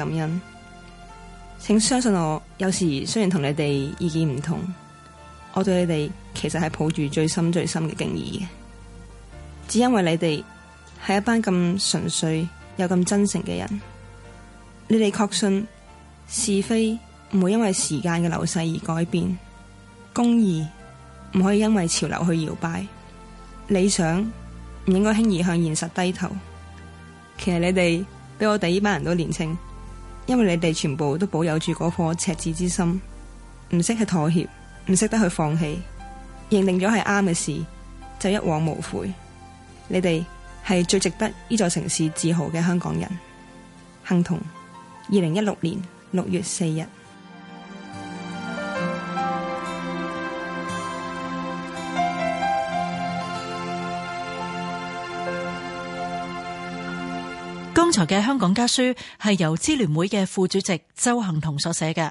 感恩，請相信我。有時雖然同你哋意見唔同，我對你哋其實係抱住最深最深嘅敬意嘅。只因為你哋係一班咁純粹又咁真誠嘅人，你哋確信是非唔會因為時間嘅流逝而改變，公義唔可以因為潮流去搖擺，理想唔應該輕易向現實低頭。其實你哋比我哋呢班人都年輕。因為你哋全部都保有住嗰顆赤子之心，唔識去妥協，唔識得去放棄，認定咗係啱嘅事就一往無悔。你哋係最值得呢座城市自豪嘅香港人。幸彤，二零一六年六月四日。剛才嘅香港家書係由支聯會嘅副主席鄒幸彤所寫嘅。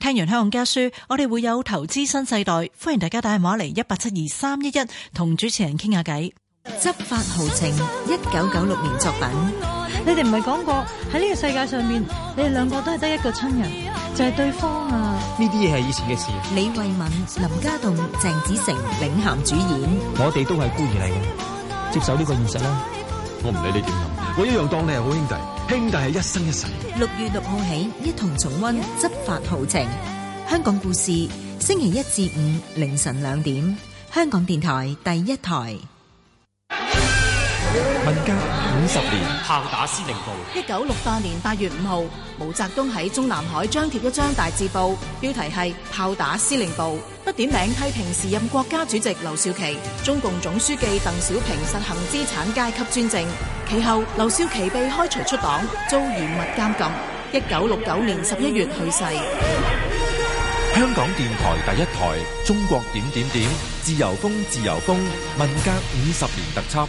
聽完香港家書，我哋會有投資新世代，歡迎大家打下電話嚟，一八七二三一一，同主持人傾下偈。執法豪情一九九六年作品。你哋唔係講過喺呢個世界上面，你哋兩個都係得一個親人，就係、是、對方啊？呢啲嘢係以前嘅事。李慧敏、林家棟、鄭子誠領銜主演，嗯、我哋都係孤兒嚟嘅，接受呢個現實啦。我唔理你點諗，我一樣當你係好兄弟，兄弟係一生一世。六月六號起，一同重溫執法豪情、香港故事。星期一至五凌晨兩點，香港電台第一台。民家。五十年炮打司令部。一九六八年八月五號，毛澤東喺中南海張貼一張大字報，標題係《炮打司令部》，不點名批評時任國家主席劉少奇、中共總書記鄧小平實行資產階級專政。其後，劉少奇被開除出黨，遭嚴密監禁。一九六九年十一月去世。香港電台第一台《中國點點點》，自由風，自由風，文革五十年特輯。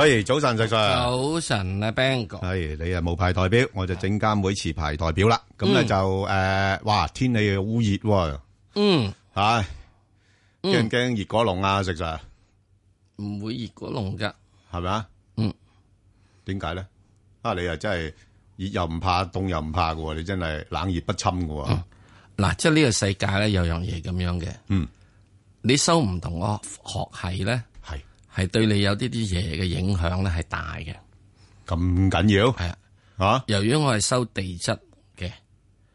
喂，早晨，石 Sir 早晨啊，Bang 哥。係你啊，無牌代表，我就證監會持牌代表啦。咁咧、嗯、就誒、呃，哇，天氣又烏熱，嗯，吓驚唔驚熱過龍啊，石 Sir？唔會熱過龍噶，係咪啊？嗯，點解咧？啊，你又真係熱又唔怕，凍又唔怕噶，你真係冷熱不侵噶。嗱、嗯，即係呢個世界咧，有樣嘢咁樣嘅，嗯，你收唔同我學係咧？係對你有啲啲嘢嘅影響咧，係大嘅。咁緊要？係的啊。啊？由於我係收地質嘅，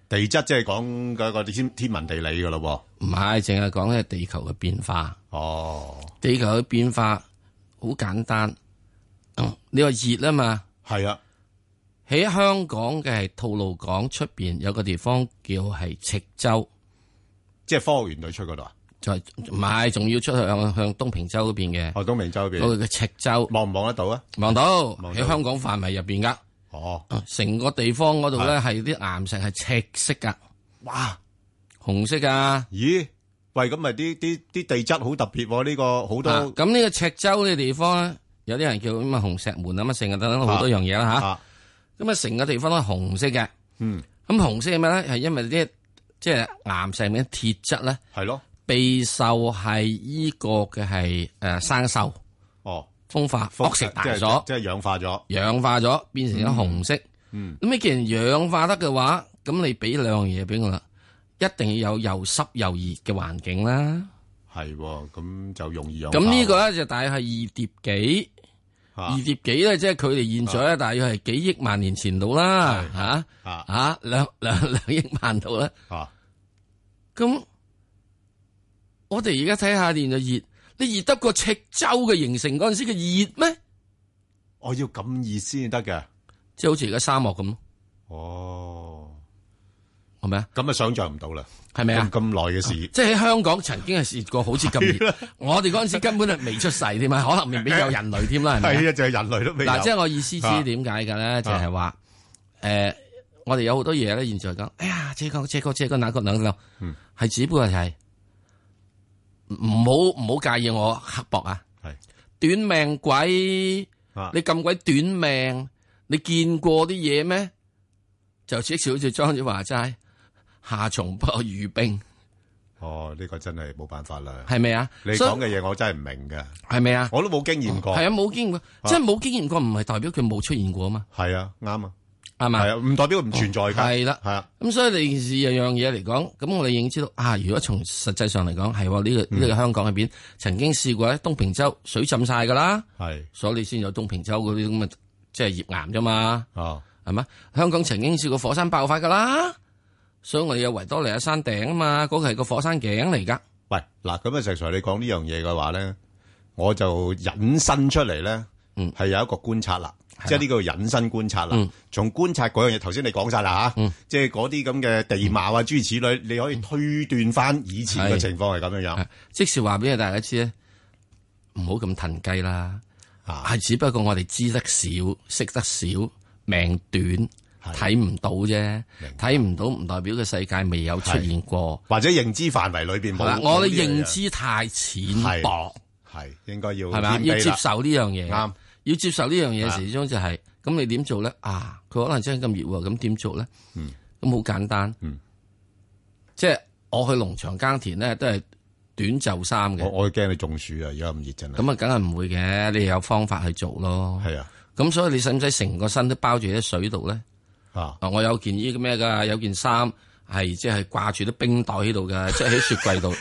地質即係講嗰個啲天天文地理噶咯噃。唔係，淨係講嘅地球嘅變化。哦。地球嘅變化好簡單。嗯，你話熱啊嘛？係啊的。喺香港嘅吐露港出邊有個地方叫係赤洲，即係科學園隊出嗰度啊。唔係，仲要出去向向東平洲嗰邊嘅。哦，東平洲嗰邊。嗰個嘅赤洲望唔望得到啊？望到，望到，喺香港範圍入邊噶。哦，成個地方嗰度咧係啲岩石係赤色噶。哇，紅色噶？咦，喂，咁咪啲啲啲地質好特別呢個好多。咁呢個赤洲嘅地方咧，有啲人叫咁啊紅石門啊，咁啊成日等等好多樣嘢啦吓。咁啊成個地方都係紅色嘅。嗯，咁紅色係咩咧？係因為啲即係岩石面嘅鐵質咧。係咯。變銹係依個嘅係誒生銹哦，風化腐蝕大咗，即係氧化咗，氧化咗變成咗紅色。嗯，咁你既然氧化得嘅話，咁你俾兩樣嘢俾我啦，一定要有又濕又熱嘅環境啦。係，咁就容易有。咁呢個咧就大約係二疊紀，二疊紀咧即係距離現在咧大約係幾億萬年前度啦，吓吓兩兩兩億萬度啦。啊，咁。我哋而家睇下，現就熱，你熱得過赤洲嘅形成嗰陣時嘅熱咩？我要咁熱先得嘅，即係好似而家沙漠咁咯。哦，係咪啊？咁啊，想象唔到啦，係咪啊？咁耐嘅事，即係喺香港曾經係試過好似咁熱，我哋嗰陣時根本係未出世添啊，可能未必有人類添啦。係啊，就係人類都未。嗱，即係我意思知點解嘅咧，就係話誒，我哋有好多嘢咧，現在講，哎呀，這個這個這個那個那個，係只不過係。唔好唔好介意我刻薄啊！係是短命鬼，你咁鬼短命，你見過啲嘢咩？就似好似莊子話齋夏蟲不可語冰。哦，呢、這個真係冇辦法啦。係咪啊？你講嘅嘢我真係唔明噶。係咪以啊？我都冇經驗過。係、嗯、啊，冇經驗，即係冇經驗過，唔係、啊、代表佢冇出現過啊嘛。係啊，啱啊。係咪？係啊，唔代表唔存在噶。係啦、哦，係啊。咁的的所以你件事樣樣嘢嚟講，咁我哋已經知道啊。如果從實際上嚟講，係呢、這個呢、這個香港入邊曾經試過喺東平洲水浸晒噶啦。係的，所以你先有東平洲嗰啲咁嘅即係頁岩啫嘛。哦，係嘛？香港曾經試過火山爆發噶啦，所以我哋有維多利亞山頂啊嘛，嗰、那個係個火山頸嚟噶。喂，嗱，咁、呃、啊，石生你講呢樣嘢嘅話咧，我就引申出嚟咧，係有一個觀察啦。嗯即係呢個叫隱身觀察啦，從觀察嗰樣嘢，頭先你講晒啦吓，即係嗰啲咁嘅地貌啊諸如此類，你可以推斷翻以前嘅情況係咁樣樣。即是話俾大家知咧，唔好咁騰雞啦。係只不過我哋知得少、識得少、命短、睇唔到啫，睇唔到唔代表個世界未有出現過，或者認知範圍裏邊冇。我認知太淺薄，係應該要係要接受呢樣嘢啱。要接受呢樣嘢時始終就係，咁你點做咧？啊，佢可能真係咁熱喎，咁點做咧？咁好簡單，即係我去農場耕田咧，都係短袖衫嘅。我我驚你中暑啊，而家咁熱真係。咁啊，梗係唔會嘅，你有方法去做咯。係啊，咁所以你使唔使成個身都包住喺水度咧？啊，我有件呢個咩噶？有件衫係即係掛住啲冰袋喺度噶，即係喺雪櫃度。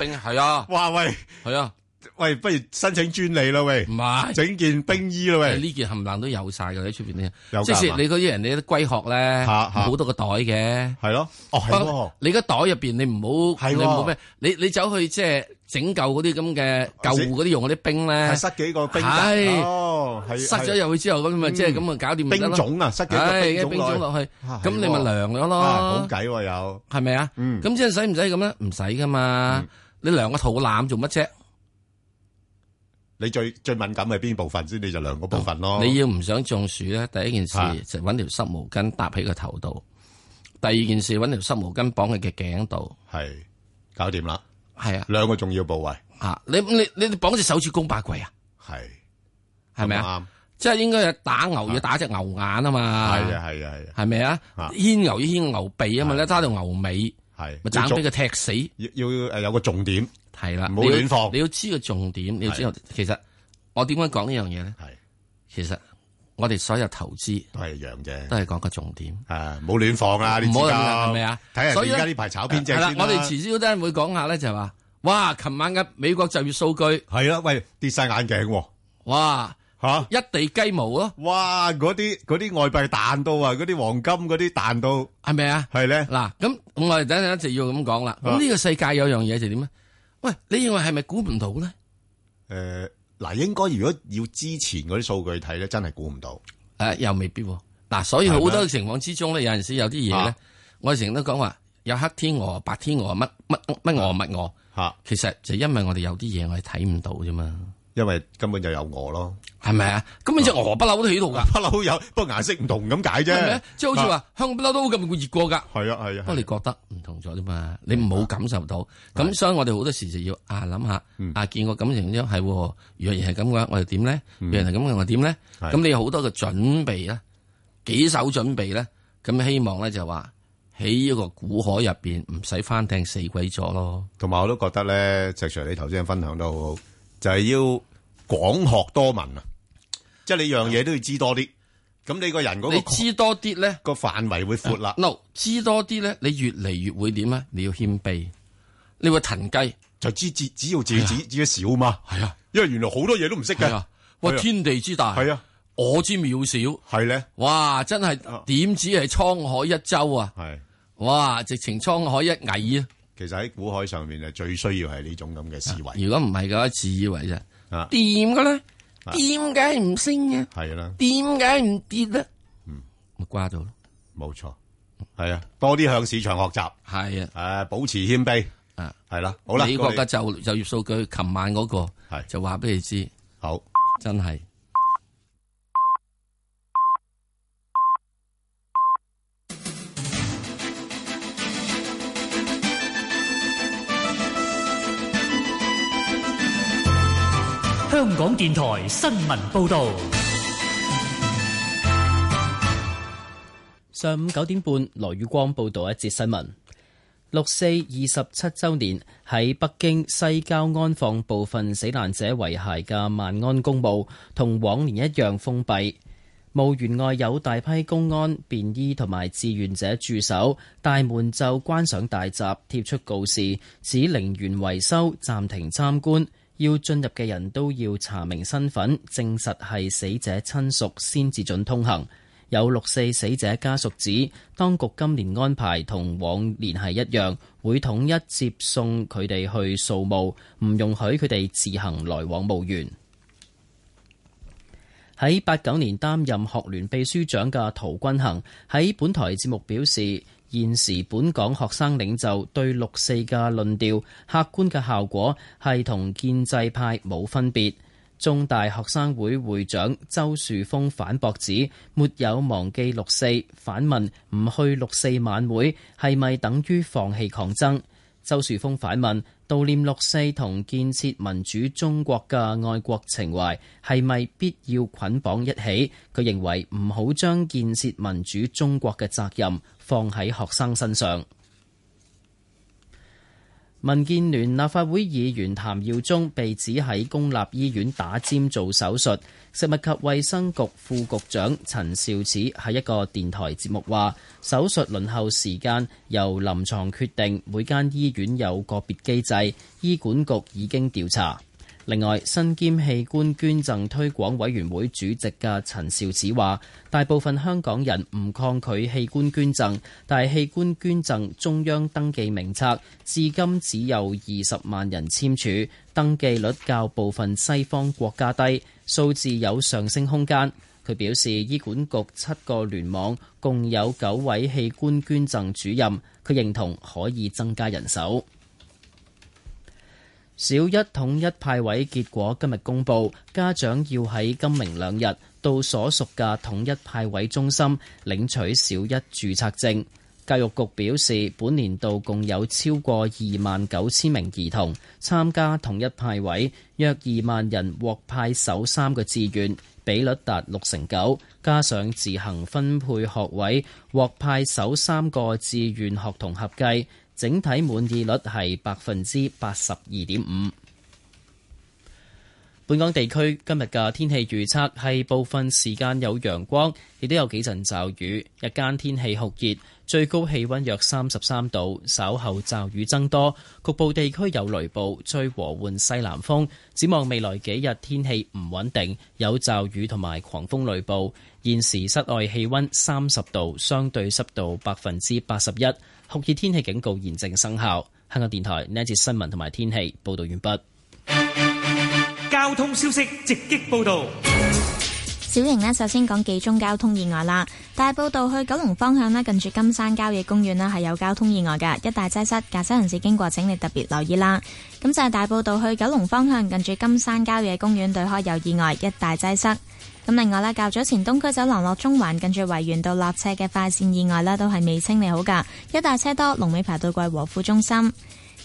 冰係啊，哇喂！係啊。喂，不如申請專利咯？喂，唔係整件冰衣咯？喂，呢件冚唪唥都有曬嘅喺出邊啲，即是你嗰啲人，你啲龜殼咧，好多個袋嘅，係咯。哦，你個袋入邊，你唔好，你唔好咩？你你走去即係整舊嗰啲咁嘅舊嗰啲用嗰啲冰咧，塞幾個冰，係塞咗入去之後，咁咪即係咁咪搞掂，冰種啊，塞幾個冰種落去，咁你咪涼咗咯。好計有係咪啊？嗯，咁即係使唔使咁咧？唔使噶嘛，你涼個肚腩做乜啫？你最最敏感係邊部分先？你就兩個部分咯。你要唔想中暑咧，第一件事就揾條濕毛巾搭喺個頭度，第二件事揾條濕毛巾綁喺個頸度，係搞掂啦。係啊，兩個重要部位。吓，你你你哋綁隻手指公八貴啊？係，係咪啊？即係應該打牛要打隻牛眼啊嘛。係啊係啊係啊。係咪啊？牽牛要牽個牛鼻啊嘛，咧揸條牛尾。係，咪就俾佢踢死？要要誒有個重點。係啦，唔亂放。你要知個重點，你要知道。其實我點解講呢樣嘢咧？係，其實我哋所有投資都係一樣嘅，都係講個重點。係，唔好亂放啊！唔好啊，係咪啊？睇下而家呢排炒偏正先啦。我哋遲啲都會講下咧，就係話哇，琴晚嘅美國就業數據係啦，喂跌晒眼鏡，哇吓一地雞毛咯！哇，嗰啲啲外幣彈到啊，嗰啲黃金嗰啲彈到係咪啊？係咧。嗱，咁我哋等陣一直要咁講啦。咁呢個世界有樣嘢就點咧？喂，你認為係咪估唔到咧？誒，嗱，應該如果要之前嗰啲數據睇咧，真係估唔到。誒、啊，又未必、啊。嗱、啊，所以好多情況之中咧，嗎有陣時有啲嘢咧，啊、我成日都講話有黑天鵝、白天鵝、乜乜乜鵝、乜鵝。吓，啊、其實就因為我哋有啲嘢我哋睇唔到啫嘛。因為根本就有鵝咯，係咪啊？根本隻鵝不嬲都喺度噶，不嬲有，不過顏色唔同咁解啫。即係好似話香港不嬲都咁熱過噶，係啊，係啊。不過你覺得唔同咗啫嘛？你唔好感受到，咁所以我哋好多時就要啊諗下啊見過咁樣樣係，若然係咁嘅話，我哋點咧？若然係咁嘅話，點咧？咁你好多嘅準備咧，幾手準備咧，咁希望咧就話喺一個古海入邊唔使翻艇死鬼咗咯。同埋我都覺得咧，石 Sir 你頭先分享得好好。就係要廣學多聞啊，即、就、係、是、你樣嘢都要知多啲，咁你個人嗰、那個，你知多啲咧，個範圍會闊啦。no，知多啲咧，你越嚟越會點啊？你要謙卑。你會騰雞就知自，只要自己，啊、自己少嘛。係啊，因為原來好多嘢都唔識嘅。哇，啊、天地之大，係啊，我之渺小，係咧呢。哇，真係點止係滄海一舟啊！係、啊、哇，直情滄海一蟻啊！其實喺股海上面係最需要係呢種咁嘅思維、啊。如果唔係嘅話，自以為啫，啊，掂嘅咧？點解唔升嘅、啊？係啦的，點解唔跌咧、啊？嗯，咪掛咗咯。冇錯，係啊，多啲向市場學習。係的啊，誒，保持謙卑。啊，係啦，好啦。你覺得就就業數據，琴晚嗰、那個係的就話俾你知，好真係。香港電台新聞報道，上午九點半，羅宇光報道一節新聞：六四二十七周年喺北京西郊安放部分死難者遺骸嘅萬安公墓，同往年一樣封閉。墓園外有大批公安、便衣同埋志願者駐守，大門就關上大閘，貼出告示，指陵園維修，暫停參觀。要進入嘅人都要查明身份，證實係死者親屬先至准通行。有六四死者家屬指，當局今年安排同往年係一樣，會統一接送佢哋去掃墓，唔容許佢哋自行來往墓園。喺八九年擔任學聯秘書長嘅陶君行喺本台節目表示。現時本港學生領袖對六四嘅論調，客觀嘅效果係同建制派冇分別。中大學生會會長周樹峰反駁指，沒有忘記六四，反問唔去六四晚會係咪等於放棄抗爭？周樹峰反問。悼念六四同建設民主中國嘅愛國情懷係咪必要捆綁一起？佢認為唔好將建設民主中國嘅責任放喺學生身上。民建聯立法會議員譚耀宗被指喺公立醫院打尖做手術。食物及衛生局副局長陳肇始喺一個電台節目話：手術輪候時間由臨床決定，每間醫院有個別機制，醫管局已經調查。另外，身兼器官捐贈推廣委員會主席嘅陳肇始話，大部分香港人唔抗拒器官捐贈，但係器官捐贈中央登記名冊至今只有二十萬人簽署，登記率較部分西方國家低，數字有上升空間，佢表示醫管局七個聯網共有九位器官捐贈主任，佢認同可以增加人手。小一統一派位結果今日公布，家長要喺今明兩日到所屬嘅統一派位中心領取小一註冊證。教育局表示，本年度共有超過二萬九千名兒童參加統一派位，約二萬人獲派首三個志願，比率達六成九。加上自行分配學位獲派首三個志願學童合計。整體滿意率係百分之八十二點五。本港地區今日嘅天氣預測係部分時間有陽光，亦都有幾陣驟雨。日間天氣酷熱，最高氣溫約三十三度。稍後驟雨增多，局部地區有雷暴。吹和緩西南風。展望未來幾日天氣唔穩定，有驟雨同埋狂風雷暴。現時室外氣溫三十度，相對濕度百分之八十一。酷熱天氣警告現正生效。香港電台呢一節新聞同埋天氣報道完畢。交通消息直擊報道。小型呢，首先講幾宗交通意外啦。大埔道去九龍方向呢，近住金山郊野公園呢，係有交通意外嘅，一大擠塞，駕駛人士經過，請你特別留意啦。咁就係大埔道去九龍方向近住金山郊野公園對開有意外，一大擠塞。咁另外啦，較早前東區走廊落中環近住維園道落斜嘅快線意外呢都係未清理好噶。一帶車多，龍尾排到過和富中心。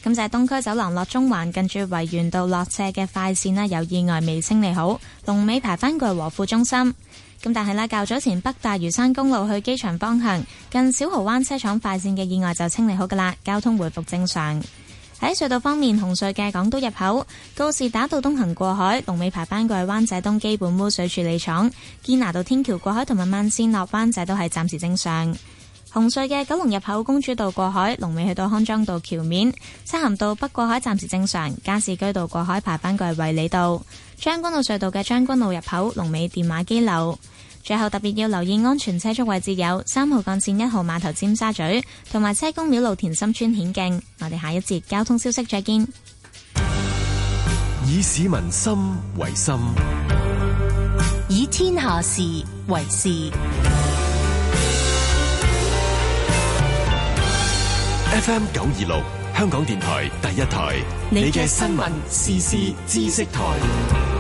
咁就係東區走廊落中環近住維園道落斜嘅快線呢有意外未清理好，龍尾排返過和富中心。咁但係啦，較早前北大嶼山公路去機場方向近小蚝灣車廠快線嘅意外就清理好噶啦，交通回復正常。喺隧道方面，紅隧嘅港島入口告士打道東行過海，龍尾排班過去灣仔東基本污水處理廠；堅拿道天橋過海同埋慢線落灣仔都係暫時正常。紅隧嘅九龍入口公主道過海，龍尾去到康莊道橋面；漆咸道北過海暫時正常；加士居道過海排班過去惠里道將軍澳隧道嘅將軍澳入口龍尾電話機樓。最後特別要留意安全車速位置有三號幹線一號碼頭尖沙咀同埋車公廟路田心村顯徑。我哋下一節交通消息再見。以市民心為心， 以天下事為事。FM 九二六香港電台第一台， 你嘅新聞時事知識台。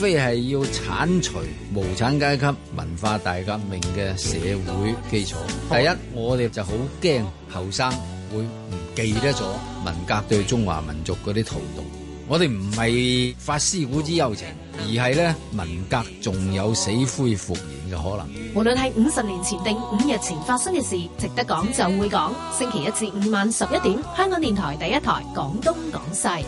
非係要鏟除無產階級文化大革命嘅社會基礎。第一，我哋就好驚後生會唔記得咗文革對中華民族嗰啲荼毒。我哋唔係發思古之幽情，而係咧文革仲有死灰復燃嘅可能。無論係五十年前定五日前發生嘅事，值得講就會講。星期一至五晚十一點，香港電台第一台，講東講西。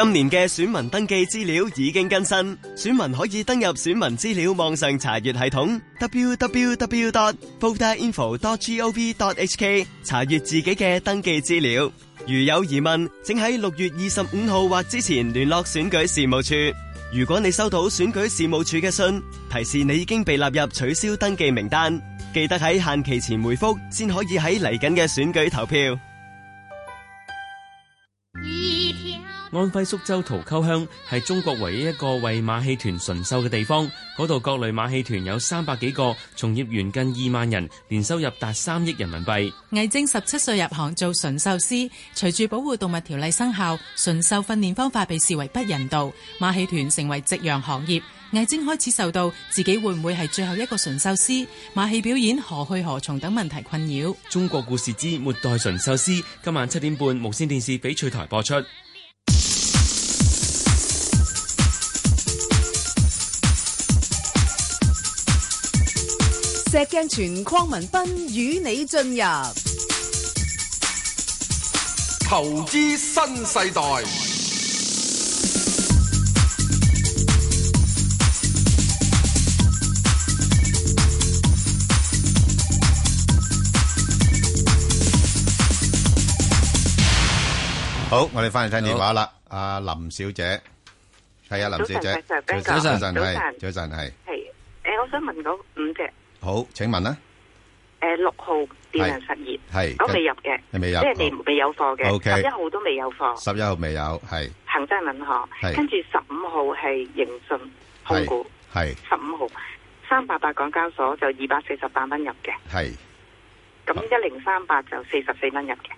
今年嘅選民登記資料已經更新，選民可以登入選民資料網上查閱系統 www.voterinfo.gov.hk 查閱自己嘅登記資料。如有疑問，請喺六月二十五號或之前聯絡選舉事務處。如果你收到選舉事務處嘅信，提示你已經被納入取消登記名單，記得喺限期前回覆，先可以喺嚟緊嘅選舉投票。安徽宿州桃溝鄉係中國唯一一個為馬戲團馴獸嘅地方。嗰度各類馬戲團有三百幾個，從業員近二萬人，年收入達三億人民幣。魏徵十七歲入行做馴獸師，隨住保護動物條例生效，馴獸訓練方法被視為不人道，馬戲團成為夕陽行業。魏徵開始受到自己會唔會係最後一個馴獸師、馬戲表演何去何從等問題困擾。中國故事之《末代馴獸師》今晚七點半無線電視翡翠台播出。石鏡泉鄺民彬與你進入投資新世代。好，我哋翻嚟聽電話啦。阿好林小姐，係啊，林小姐。早晨，早晨，早晨係。係，誒，我想問到五隻。好，請問啦？誒，六號電能實業？係，我未入嘅，未入，即係未未有貨嘅。O K，十一號都未有貨，十一號未有，係。恒生銀行，跟住十五號係盈信控股，係十五號三八八港交所就二百四十八蚊入嘅，係。咁一零三八就四十四蚊入嘅。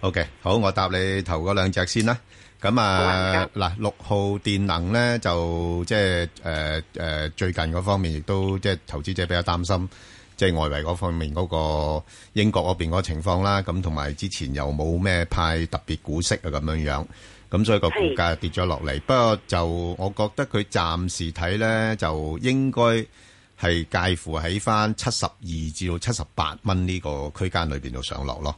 O K，好，我答你頭嗰兩隻先啦。咁啊，嗱、嗯，六號電能咧，就即係誒誒，最近嗰方面亦都即係投資者比較擔心，即係外圍嗰方面嗰個英國嗰邊個情況啦。咁同埋之前又冇咩派特別股息啊，咁樣樣。咁、嗯、所以個股價跌咗落嚟。是不過就我覺得佢暫時睇咧，就應該係介乎喺翻七十二至到七十八蚊呢個區間裏邊度上落咯。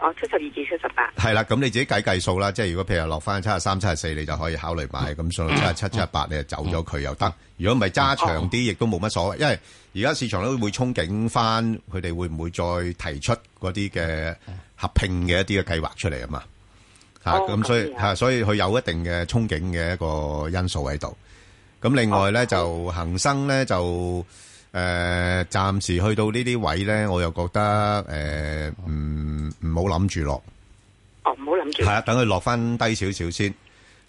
哦，七十二至七十八，係啦，咁你自己計計數啦，即係如果譬如落翻七十三、七十四，你就可以考慮買，咁上到七十七、七十八，你就走咗佢又得。如果唔係揸長啲，亦都冇乜所謂，因為而家市場都會憧憬翻，佢哋會唔會再提出嗰啲嘅合併嘅一啲嘅計劃出嚟啊嘛？吓、oh，咁所以吓，所以佢有一定嘅憧憬嘅一個因素喺度。咁另外咧、oh, okay.，就恒生咧就。誒，暫時去到呢啲位咧，我又覺得誒，唔唔好諗住落。哦，唔好諗住。係啊，等佢落翻低少少先。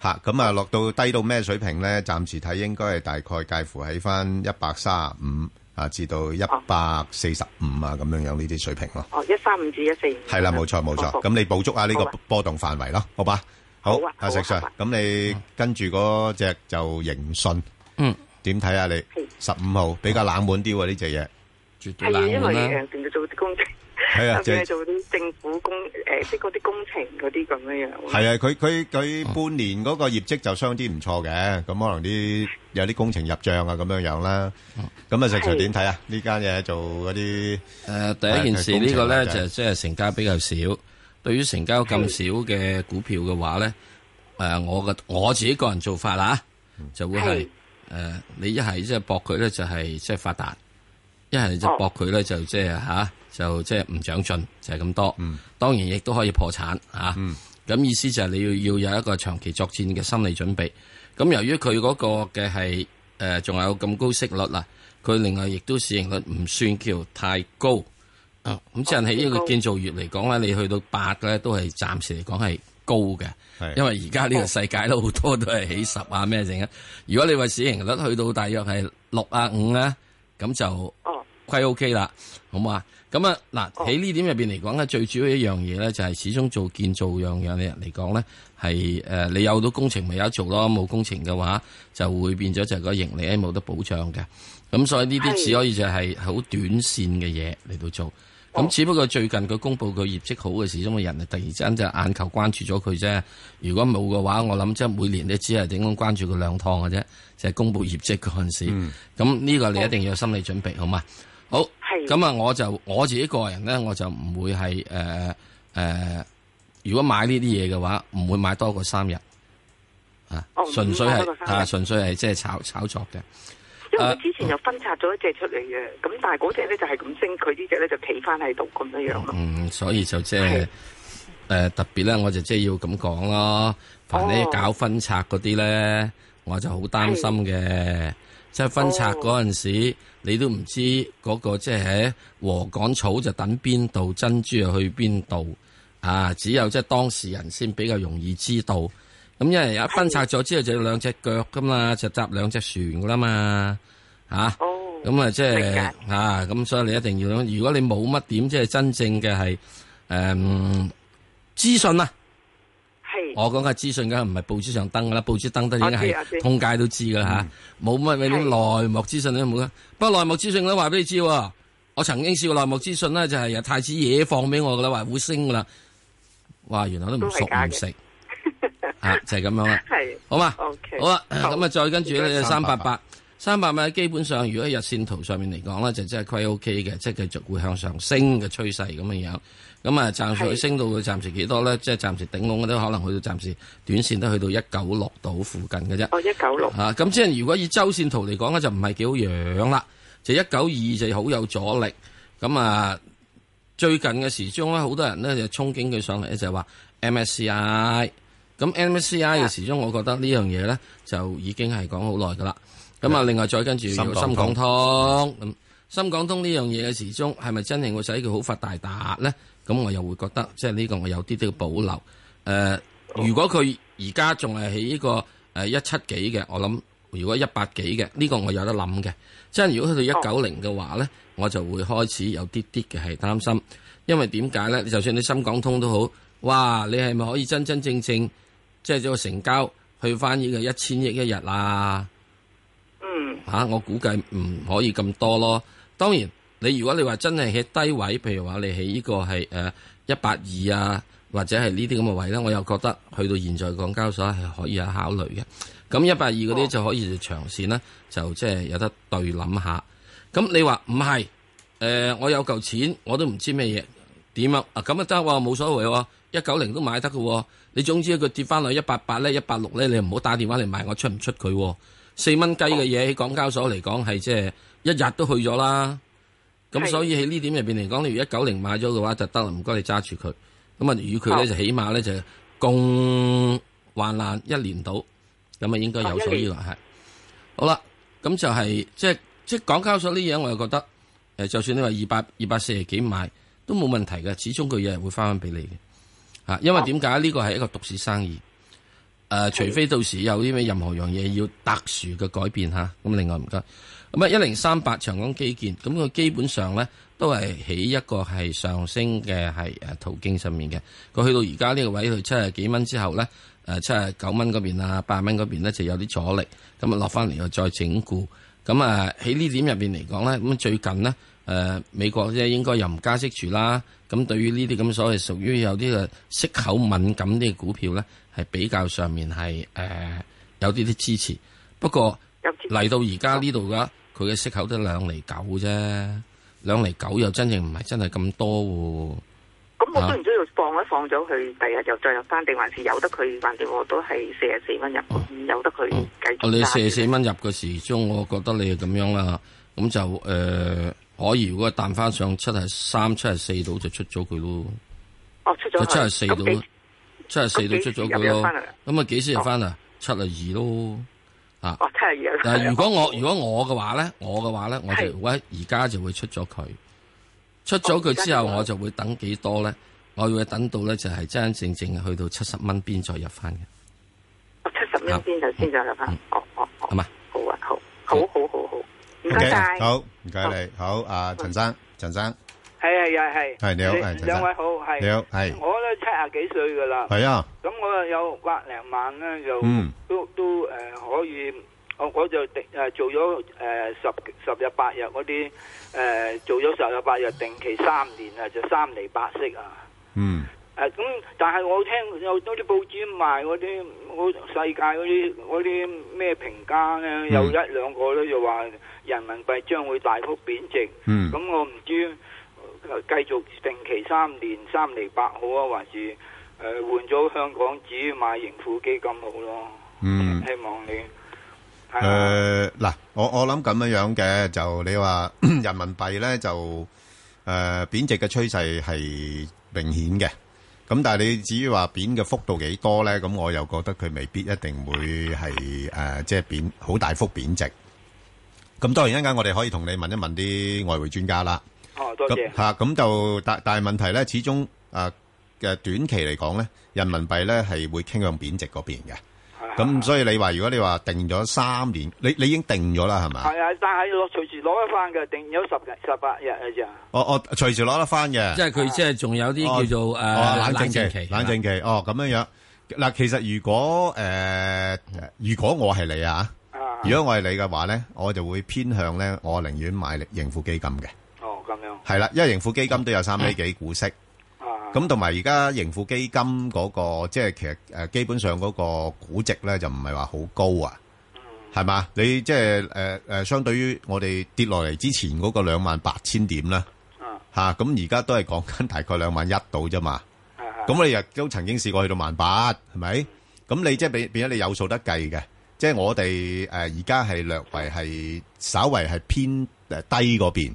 吓，咁啊，落到低到咩水平咧？暫時睇應該係大概介乎喺翻一百三十五啊，至到一百四十五啊，咁樣樣呢啲水平咯。哦，一三五至一四五。係啦，冇錯冇錯。咁你捕捉下呢個波動範圍咯，好吧？好啊，阿石 Sir，咁你跟住嗰隻就盈信。嗯。點睇啊？你十五號比較冷門啲呢隻嘢，絕對啦，因為誒，仲要做啲工程，係啊，即係做啲政府工誒，即係嗰啲工程嗰啲咁樣樣。係啊，佢佢佢半年嗰個業績就相當唔錯嘅，咁可能啲有啲工程入賬啊咁樣樣啦。咁啊，就就點睇啊？呢間嘢做嗰啲誒，第一件事呢個咧就即係成交比較少。對於成交咁少嘅股票嘅話咧，誒，我嘅我自己個人做法啦，就會係。誒、呃，你一係即係搏佢咧，就係、是、即係發達；一係就搏佢咧，就即係吓、啊，就即係唔長進，就係、是、咁多。嗯、當然亦都可以破產吓。咁、啊嗯、意思就係你要要有一個長期作戰嘅心理準備。咁由於佢嗰個嘅係誒，仲、呃、有咁高息率啦，佢另外亦都市盈率唔算叫太高。啊、嗯，咁即係喺呢個建造業嚟講咧，你去到八厘都係暫時嚟講係。高嘅，是因為而家呢個世界都好多都係起十啊咩剩啊。如果你話市盈率去到大約係六啊五咧，咁就虧 OK 啦，好嘛？咁啊嗱，喺呢、哦、點入邊嚟講咧，最主要一樣嘢咧就係始終做建造樣樣嘅人嚟講咧，係誒、呃、你有到工程咪有得做咯，冇工程嘅話就會變咗就係個盈利冇得保障嘅。咁所以呢啲只可以就係好短線嘅嘢嚟到做。咁，只不過最近佢公布佢業績好嘅時，因為人哋突然間就眼球關注咗佢啫。如果冇嘅話，我諗即係每年你只係點樣關注佢兩趟嘅啫，即、就、係、是、公布業績嗰陣時。咁呢、嗯、個你一定要有心理準備，哦、好嘛？好。咁啊，我就我自己個人咧，我就唔會係誒誒，如果買呢啲嘢嘅話，唔會買多過三日、哦、啊，純粹係啊，純粹係即係炒炒作嘅。啊、之前又分拆咗一隻出嚟嘅，咁但係嗰隻咧就係、是、咁升，佢呢隻咧就企返喺度咁樣樣咯。嗯，所以就即係誒特別咧，我就即係要咁講咯。凡你搞分拆嗰啲咧，我就好擔心嘅。即係是分拆嗰陣時，哦、你都唔知嗰個即係喺禾稈草就等邊度珍珠啊去邊度啊？只有即係當事人先比較容易知道。咁、嗯、因為一分拆咗之後就要兩隻腳噶嘛，就搭兩隻船噶啦嘛，吓，咁啊即係啊，咁所以你一定要，如果你冇乜點即係真正嘅係誒資訊啦，係、嗯啊、是我講嘅資訊梗係，唔係報紙上登噶啦，報紙登得已經係通街都知噶啦吓，冇乜咩內幕資訊都冇啦，是不過內幕資訊我都話俾你知，我曾經試過內幕資訊呢，就係、是、由太子爺放俾我噶啦，話會升噶啦，哇，原來都唔熟唔食。啊，就係、是、咁樣啦，係是好嘛？O K，好啊了。咁啊好，再跟住咧，三八八，三八八基本上如果喺日線圖上面嚟講咧，就即係虧 O K 嘅，即、就、係、是、繼續會向上升嘅趨勢咁嘅樣。咁啊，暫時升到佢暫時幾多咧？是即係暫時頂籠嗰啲，可能去到暫時短線都去到一九六度附近嘅啫。哦，一九六。啊，咁即係如果以周線圖嚟講咧，就唔係幾好樣啦。就一九二就好有阻力。咁啊，最近嘅時鐘咧，好多人咧就憧憬佢上嚟咧，就話、是、M S C I。咁 MSCI 嘅時鐘，我覺得呢樣嘢呢，就已經係講好耐嘅啦。咁啊的，另外再跟住有深港通，咁深港通呢樣嘢嘅時鐘係咪真係會使佢好發大達呢？咁我又會覺得即係呢個我有啲啲保留。誒、呃，如果佢而家仲係喺呢個誒、呃、一七幾嘅，我諗如果一八幾嘅呢、呢個我有得諗嘅。即係如果去到一九零嘅話呢，我就會開始有啲啲嘅係擔心，因為點解呢？就算你深港通都好，哇！你係咪可以真真正正，正？即係做成交去翻呢個一千億一日啦，嗯，吓、啊、我估計唔可以咁多咯。當然，你如果你話真係喺低位，譬如話你喺呢個係誒一百二啊，或者係呢啲咁嘅位咧，我又覺得去到現在港交所係可以有考慮嘅。咁一百二嗰啲就可以長線咧，哦、就即係有得對諗下。咁你話唔係？誒、呃，我有嚿錢，我都唔知咩嘢點啊？就啊咁啊得喎，冇所謂喎，一九零都買得嘅。你總之佢跌翻落一八八咧，一八六咧，你唔好打電話嚟問我出唔出佢。四蚊雞嘅嘢，喺港交所嚟講係即係一日都去咗啦。咁的所以喺呢點入邊嚟講，你如果一九零買咗嘅話就得啦，唔該你揸住佢。咁啊，與佢咧就起碼咧就共患難一年到，咁啊應該有所依賴係。好啦，咁就係、是、即係即係港交所呢嘢，我又覺得誒，就算你話二百二百四十幾買都冇問題嘅，始終佢有日會翻翻俾你嘅。啊，因為點解呢個係一個獨市生意？誒、啊，除非到時有啲咩任何樣嘢要特殊嘅改變吓，咁、啊、另外唔該。咁啊，一零三八長江基建，咁、啊、佢基本上咧都係起一個係上升嘅係誒途徑上面嘅。佢、啊、去到而家呢個位，佢七十幾蚊之後咧，誒、啊、七十九蚊嗰邊啊，八蚊嗰邊咧就有啲阻力，咁啊落翻嚟又再整固。咁啊喺、啊、呢點入邊嚟講咧，咁、啊、最近呢。誒、呃，美國咧應該又唔加息住啦，咁對於呢啲咁所謂屬於有啲嘅息口敏感啲嘅股票咧，係比較上面係誒、呃、有啲啲支持。不過嚟到而家呢度嘅，佢嘅、嗯、息口都兩厘九啫，兩厘九又真正唔係真係咁多喎、啊。咁我中唔中意放一放咗佢，第日又再入翻定，還是由得佢？或者我都係四十四蚊入，由得佢計價。我哋四十四蚊入嘅時候，我覺得你咁樣啦、啊，咁就誒。呃可如果彈翻上七係三七係四度就出咗佢咯，哦，出咗七係四度，七係四度出咗佢咯，咁啊幾時入翻啊？七係二咯，啊，哦七係二啦，但係如果我如果我嘅話咧，我嘅話咧，我哋喂而家就會出咗佢，出咗佢之後我就會等幾多咧，我會等到咧就係真真正正去到七十蚊邊再入翻嘅，七十蚊邊就先再入翻，哦哦，好嘛，好啊好，好好好好。唔該晒，okay, Thank you. 好唔該你，oh. 好啊陳、uh, 生，陳、mm. 生係係係係係你好，兩是位好係你好係，我都七十幾歲噶啦，係啊，咁我又有百零萬咧就都，嗯、都都誒、呃、可以，我我就定誒做咗誒、呃、十十日八日嗰啲誒做咗十日八日定期三年啊，就三厘八息啊，嗯。誒咁、啊，但係我聽有多啲報紙賣嗰啲，我世界嗰啲啲咩評價咧，嗯、有一兩個咧就話人民幣將會大幅貶值嗯嗯。嗯，咁我唔知繼續定期三年三釐八好啊，還是誒換咗香港紙買盈富基金好咯？嗯，希望你誒嗱，我我諗咁樣樣嘅就你話人民幣咧就誒呃、貶值嘅趨勢係明顯嘅。咁但係你至於話貶嘅幅度幾多呢？咁我又覺得佢未必一定會係誒，即係貶好大幅貶值。咁當然一陣間，我哋可以同你問一問啲外匯專家啦。哦，多謝。嚇，咁就但但係問題呢，始終誒嘅短期嚟講呢，人民幣呢係會傾向貶值嗰邊嘅。咁所以你話如果你話定咗三年，你你已經定咗啦係咪？係啊，但係要隨時攞得翻嘅，定咗十日十八日一日。哦哦，隨時攞得翻嘅。即係佢即係仲有啲叫做誒冷靜期。冷靜期，哦咁樣樣。嗱，其實如果誒，如果我係你啊，如果我係你嘅話咧，我就會偏向咧，我寧願買盈富基金嘅。哦，咁樣。係啦，因為盈富基金都有三厘幾股息。咁同埋而家盈富基金嗰個，即係其實誒基本上嗰個估值咧就唔係話好高啊，係嘛，嗯？你即係誒誒相對於我哋跌落嚟之前嗰個兩萬八千點啦，吓，嗯，咁而家都係講緊大概兩萬一到啫嘛。咁你亦都曾經試過去到萬八，係咪，嗯？咁你即係變變咗你有數得計嘅，即係我哋誒而家係略為係稍微係偏誒低嗰邊。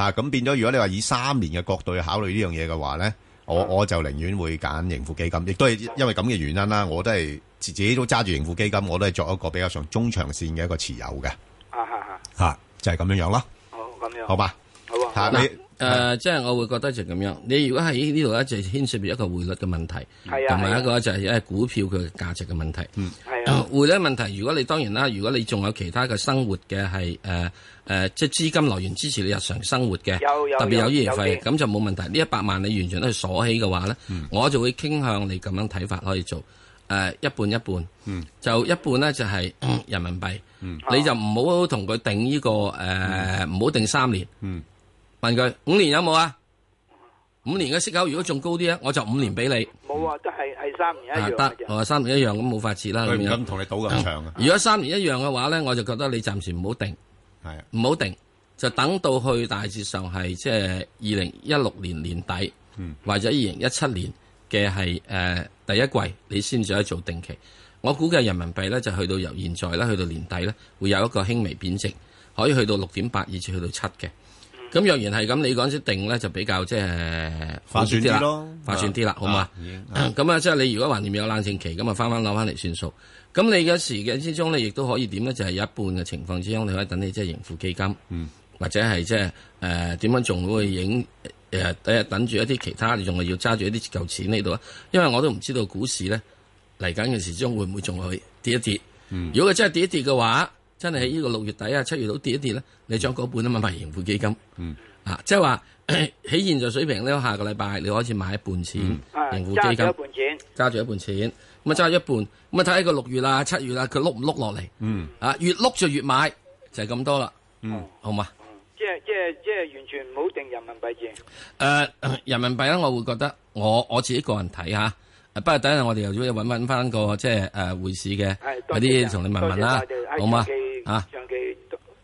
啊，咁變咗，如果你話以三年嘅角度去考慮呢樣嘢嘅話咧，啊、我我就寧願會揀盈富基金，亦都係因為咁嘅原因啦。我都係自己都揸住盈富基金，我都係作一個比較上中長線嘅一個持有嘅、啊。啊啊啊！嚇，就係咁樣樣咯。好咁樣，好吧？好啊。嚇、啊、你。誒，即係我會覺得就咁樣。你如果喺呢度咧就牽涉住一個匯率嘅問題，同埋一個就係一股票佢價值嘅問題。匯率問題，如果你當然啦，如果你仲有其他嘅生活嘅係誒誒，即係資金來源支持你日常生活嘅，特別有醫藥費，咁就冇問題。呢一百萬你完全都係鎖起嘅話咧，我就會傾向你咁樣睇法可以做誒一半一半。就一半咧就係人民幣，你就唔好同佢定呢個誒，唔好定三年。問佢五年有冇啊？五年嘅息口如果仲高啲咧，我就五年俾你。冇、嗯、啊，都係係三年一樣。得好三年一樣咁冇法子啦。咁同不你賭咁長啊？嗯嗯、如果三年一樣嘅話咧，我就覺得你暫時唔好定，係唔好定就等到去大致上係即係二零一六年年底，嗯、或者二零一七年嘅係誒第一季，你先至可以做定期。我估計人民幣咧就去到由現在咧去到年底咧會有一個輕微貶值，可以去到六點八，以至去到七嘅。咁若然係咁，你嗰陣時定咧就比較即係劃算啲咯，劃算啲啦，好嘛？咁啊，嗎啊啊即係你如果橫掂有冷靜期，咁啊翻翻攞翻嚟算數。咁你嘅時間之中咧，亦都可以點咧？就係、是、一半嘅情況之中，你可以等你即係盈富基金，嗯，或者係即係誒點樣仲會去影誒、呃，等住一啲其他，你仲係要揸住一啲舊錢呢度啊？因為我都唔知道股市咧嚟緊嘅時中會唔會仲去跌一跌。如果佢真係跌一跌嘅話。真係喺呢個六月底啊、七月度跌一跌咧，你將嗰半啊買埋盈富基金，嗯、啊，即係話喺現在水平咧，下個禮拜你可以開始買一半錢，嗯、盈富基金，揸住，啊、一半錢，揸住一半錢，咁啊揸一半，咁啊睇喺個六月啊、七月啊，佢碌唔碌落嚟，嗯、啊，越碌就越買，就係、是、咁多啦，嗯，好嘛嗎、嗯，即係即係即係完全唔好定人民幣嘅，誒、呃，人民幣咧，我會覺得我我自己個人睇下。啊不如等下我哋又要搵翻翻個即係誒匯市嘅嗰啲同你問問啦，好嘛？吓，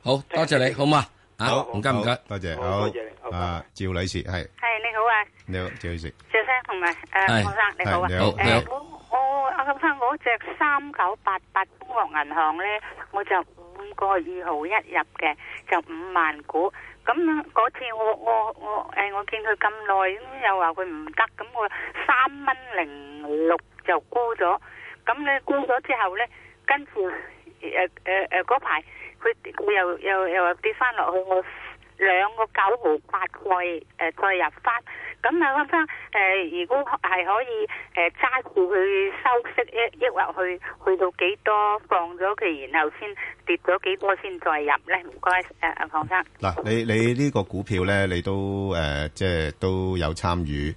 好，多謝你，好嘛？好，唔該唔該，多謝，好，多謝你。啊，趙女士係，係你好啊，你好，趙女士，趙先生同埋誒黃生你好啊，你好你好，我阿金生我隻三九八八中國銀行咧，我就。個二毫一入嘅就五萬股，咁嗰次我我我誒，我見佢咁耐，又話佢唔得，咁我三蚊零六就沽咗，咁你沽咗之後咧，跟住誒誒誒嗰排佢又又又跌翻落去，我兩個九毫八再誒再入翻。咁啊，方生誒，如果係可以誒，揸住佢收息一抑或去去到幾多放咗佢，然後先跌咗幾多先再入咧？唔該誒，阿方生嗱，你你呢個股票咧，你都誒，即係都有參與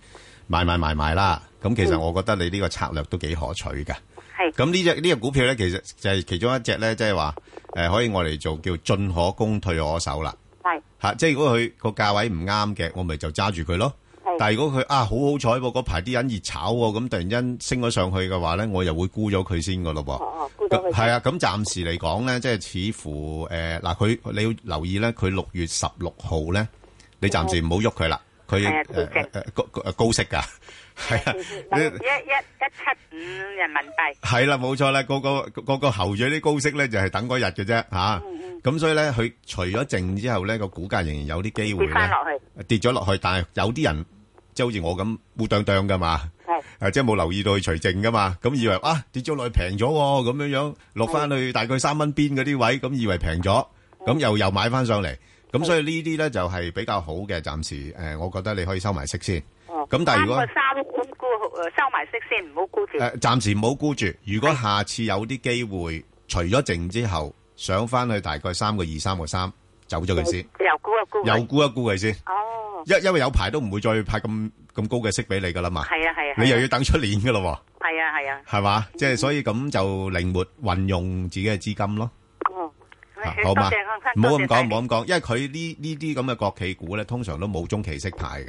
買買買買啦。咁其實我覺得你呢個策略都幾可取噶。係咁呢隻呢隻股票咧，其實就係其中一隻咧，即係話誒，可以我嚟做叫進可攻退可守啦。係吓，即係如果佢個價位唔啱嘅，我咪就揸住佢咯。但係如果佢啊好好彩喎，嗰排啲人熱炒喎，咁突然間升咗上去嘅話咧，我又會沽咗佢先噶咯噃。哦，沽咗係啊，咁暫時嚟講咧，即係似乎誒，嗱、呃、佢你要留意咧，佢六月十六號咧，你暫時唔好喐佢啦，佢誒誒高誒高息噶。係啊，一一一七五人民幣。係啦，冇錯啦，個個個個候住啲高息咧，就係等嗰日嘅啫，吓。咁所以咧，佢除咗淨之後咧，個股價仍然有啲機會跌翻落去，跌咗落去，但係有啲人即係好似我咁冇當當噶嘛，係，即係冇留意到佢除剩噶嘛，咁以為啊跌咗落去平咗，咁樣樣落翻去大概三蚊邊嗰啲位，咁以為平咗，咁又又買翻上嚟，咁所以呢啲咧就係比較好嘅，暫時誒，我覺得你可以收埋息先。哦。咁但係如果三。誒，收埋息先，唔好沽住。誒，暫時冇沽住。如果下次有啲機會，除咗剩之後，上翻去大概三個二、三個三，走咗佢先。又沽一沽，又沽一沽佢先。哦。因因為有排都唔會再派咁咁高嘅息俾你噶啦嘛。係啊係啊。你又要等出年噶咯喎。係啊係啊。係嘛？即係所以咁就靈活運用自己嘅資金咯。嗯。好嘛。唔好咁講，唔好咁講，因為佢呢呢啲咁嘅國企股咧，通常都冇中期息派嘅。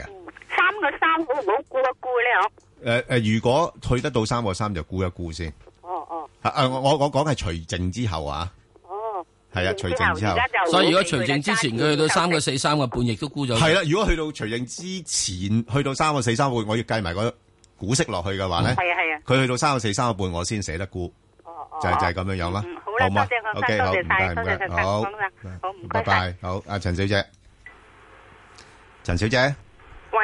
三個三，好唔好沽一沽咧？好。誒誒，如果退得到三個三就沽一沽先。哦哦。我我講係除淨之後啊。哦。係啊，除淨之後。所以如果除淨之前佢去到三個四三個半亦都沽咗。係啦，如果去到除淨之前去到三個四三個半，我要計埋個股息落去嘅話咧。係係啊。佢去到三個四三個半，我先捨得沽。哦哦。就就係咁樣樣啦。好啦，多謝好，f r 好唔該好拜拜。好阿陳小姐。陳小姐。喂。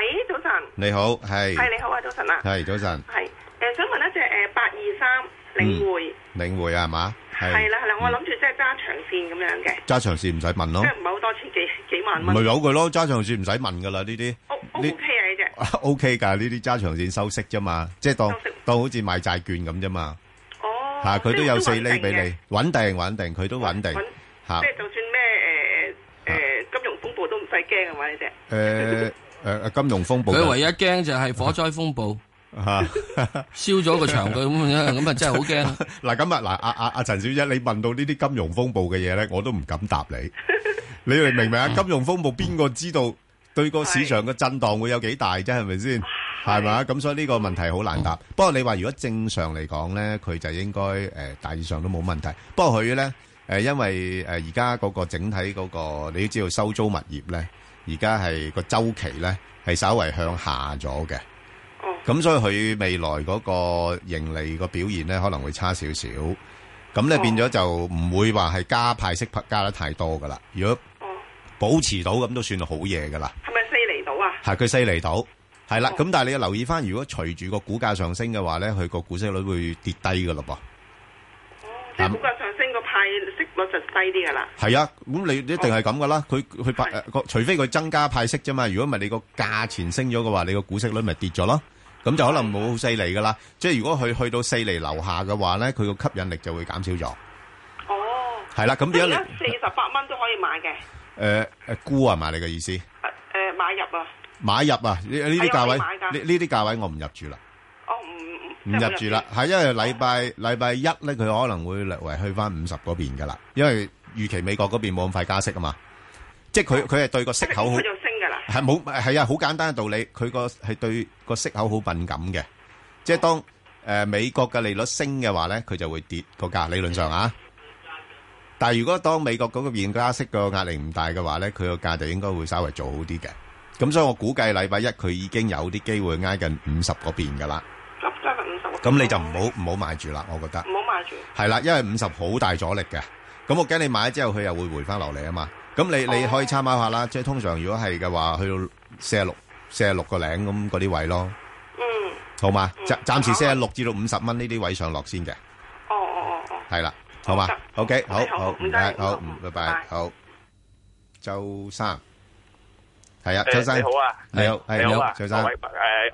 你好，係係你好啊，早晨啊，係早晨，係誒，想問一隻誒八二三領匯，領匯啊，係嘛？係啦係啦，我諗住即係揸長線咁樣嘅，揸長線唔使問咯，即係唔係好多錢幾幾萬蚊，咪攞佢咯，揸長線唔使問噶啦呢啲，O O K 啊呢隻，O K 噶呢啲揸長線收息啫嘛，即係當當好似買債券咁啫嘛，哦，吓佢都有四厘俾你，穩定穩定，佢都穩定，吓，即係就算咩誒誒金融風暴都唔使驚啊嘛呢隻，誒。誒，金融風暴佢唯一驚就係火災風暴，吓燒咗個場，佢咁樣咁啊，真係好驚。嗱，咁啊嗱阿阿阿陳小姐，你問到呢啲金融風暴嘅嘢咧，我都唔敢答你。你明唔明啊？金融風暴邊個知道對個市場嘅震盪會有幾大啫？係咪先？係咪？咁所以呢個問題好難答。不過你話如果正常嚟講咧，佢就應該誒大致上都冇問題。不過佢咧誒，因為誒而家嗰個整體嗰個，你都知道收租物業咧。而家係個周期咧，係稍為向下咗嘅。哦、oh. 嗯，咁所以佢未來嗰個盈利個表現咧，可能會差少少。咁咧、oh. 變咗就唔會話係加派息派加得太多噶啦。如果、oh. 保持到咁都算好嘢噶啦。係咪四厘到啊？係佢四厘到，係啦。咁、oh. 但係你要留意翻，如果隨住個股價上升嘅話咧，佢個股息率會跌低噶咯噃。哦，oh. 即係股價上升。派息率就低啲噶啦。係啊，咁你一定係咁噶啦。佢佢派個，除非佢增加派息啫嘛。如果唔係，你個價錢升咗嘅話，你個股息率咪跌咗咯。咁就可能冇四釐噶啦。即係如果佢去到四釐樓下嘅話咧，佢個吸引力就會減少咗。哦。係啦，咁點解四十八蚊都可以買嘅？誒誒沽係咪你嘅意思？誒誒買入啊！買入啊！呢呢啲價位，呢啲價位我唔入住啦。唔入住啦，係因為禮拜禮拜一咧，佢可能會略為去翻五十嗰邊噶啦。因為預期美國嗰邊冇咁快加息啊嘛，即係佢佢係對個息口好升噶啦係冇係啊，好簡單嘅道理，佢個係對個息口好敏感嘅，即係當誒美國嘅利率升嘅話咧，佢就會跌個價理論上啊。但係如果當美國嗰邊加息個壓力唔大嘅話咧，佢個價就應該會稍微做好啲嘅。咁所以我估計禮拜一佢已經有啲機會挨近五十嗰邊噶啦。咁你就唔好唔好買住啦，我覺得。唔好買住。係啦，因為五十好大阻力嘅，咁我驚你買咗之後佢又會回翻落嚟啊嘛。咁你你可以參考下啦，即係通常如果係嘅話，去到四啊六、四啊六個零咁嗰啲位咯。嗯。好嘛，暫暫時四啊六至到五十蚊呢啲位上落先嘅。哦哦哦哦。係啦，好嘛，OK，好，好唔該，好，拜拜，好，周生。係啊，周生你好啊，你好，你好，周生。誒，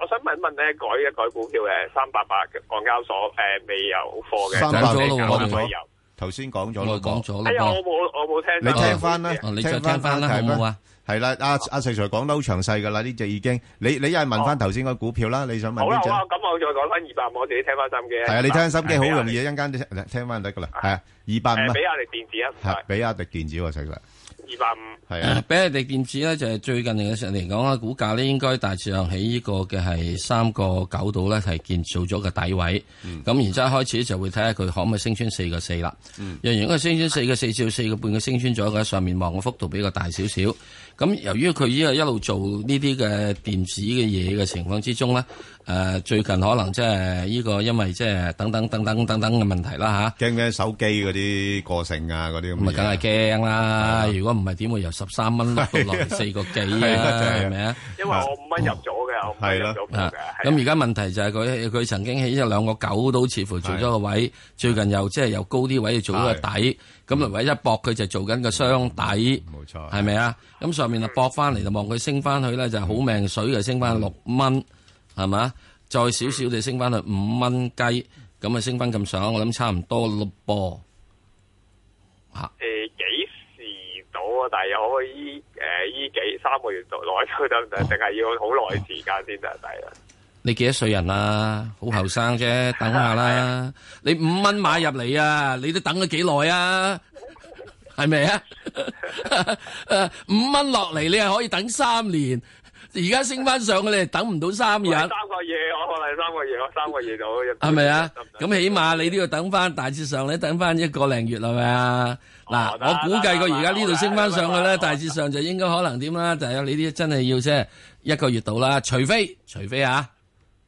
我想問一問咧，改一改股票誒，三八八嘅港交所誒，未有貨嘅，三八八港交所有。頭先講咗講咗我冇我冇聽。你聽翻啦，你再聽翻啦，好冇啊？係啦，阿阿石才講得好詳細噶啦，呢隻已經。你你又係問翻頭先個股票啦？你想問？好啦，咁我再講翻二百，我自己聽翻心機。係啊，你聽翻手機好容易，一陣間聽聽翻就得噶啦。係啊，二百五。誒，比亞迪電子啊，係比亞迪電子，石才。二百五，係啊，嗯、比亞迪電子咧就係、是、最近嚟嘅上嚟講啊，股價咧應該大致上喺呢個嘅係三個九度咧係建造咗個底位，咁、嗯、然之後開始就會睇下佢可唔可以升穿四個四啦，若然佢升穿四個四至四個半嘅升穿咗喺上面望嘅幅度比較大少少。嗯嗯咁由於佢依個一路做呢啲嘅電子嘅嘢嘅情況之中呢，誒最近可能即係依個因為即係等等等等等等嘅問題啦嚇，驚唔驚手機嗰啲過剩啊嗰啲咁？唔係梗係驚啦！如果唔係點會由十三蚊落到來四個幾係咪啊？因為我五蚊入咗嘅，我五蚊入咗嘅。咁而家問題就係佢佢曾經起咗兩個九都似乎做咗個位，最近又即係又高啲位做咗個底。咁啊，一搏佢就做緊個箱底，冇錯，係咪啊？咁上面啊，搏翻嚟就望佢升翻去咧，就好命水就升翻六蚊，係咪？再少少就升翻去五蚊雞，咁啊，升翻咁上，我諗差唔多六噃嚇。誒幾時到啊？但係可唔可以誒依幾三個月內都得唔得？定係要好耐時間先得？係啊？你幾多歲人啊？好後生啫，等下啦！你五蚊買入嚟啊，你都等咗幾耐啊？係咪啊？五蚊落嚟你係可以等三年，而家升翻上去，你等唔到三日。三個月，我話三個月，我三個月就。係咪啊？咁起碼你都要等翻，大致上咧等翻一個零月係咪啊？嗱，我估計個而家呢度升翻上去咧，大致上就應該可能點啦？就係有你啲真係要即係一個月到啦，除非除非啊！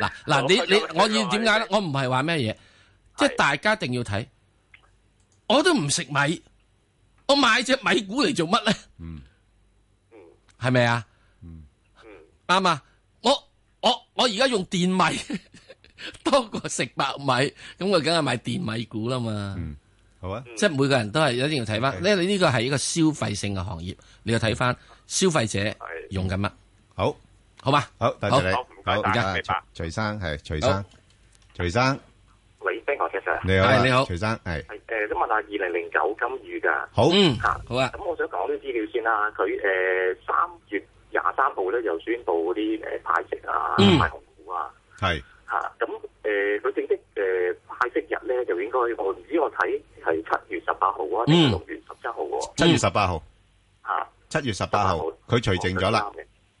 嗱嗱，你你我要點解咧？我唔係話咩嘢，即係大家一定要睇。我都唔食米，我買隻米股嚟做乜咧？嗯，係咪啊？嗯嗯，啱啊！我我我而家用電米多過食白米，咁我梗係買電米股啦嘛。嗯，好啊，即係每個人都係一定要睇翻，你呢個係一個消費性嘅行業，你要睇翻消費者用緊乜好。好嘛，好，多謝，謝你，好唔該晒，明白，啊，徐生係徐生，徐生，好徐生你好，你好，你好，徐生係，係誒，咁啊，二零零九金魚噶，好，嗯吓，好啊，咁我想講啲資料先啦，佢誒三月廿三號咧就宣布嗰啲誒派息啊，賣紅股啊，係吓，咁誒佢正式誒派息日咧就應該我唔知我睇係七月十八號啊，定六月十七號七月十八號，吓，嗯，七月十八號佢除淨咗啦。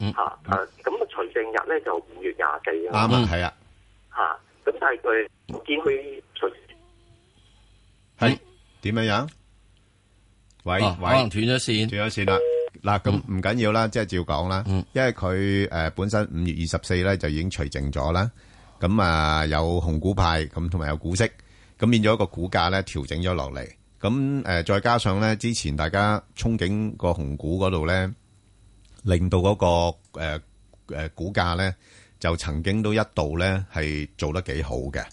吓，誒、嗯，咁嘅除淨日咧就五月廿四啦，啱啱，係啊，吓、嗯，咁、嗯啊啊、但係佢見佢除係點樣樣？喂、啊、喂，可能斷咗線，斷咗線了、嗯、啦。嗱，咁唔緊要啦，即係照講啦，嗯、因為佢誒、呃、本身五月二十四咧就已經除淨咗啦，咁啊、呃、有紅股派，咁同埋有股息，咁變咗一個股價咧調整咗落嚟，咁誒、呃、再加上咧之前大家憧憬個紅股嗰度咧。令到嗰、那個誒、呃呃、股價咧，就曾經都一度咧係做得幾好嘅。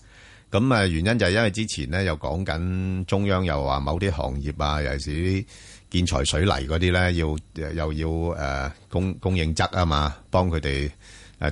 咁啊、呃、原因就係因為之前咧又講緊中央又話某啲行業啊，尤其是啲建材水泥嗰啲咧，要又要誒供供應側啊嘛，幫佢哋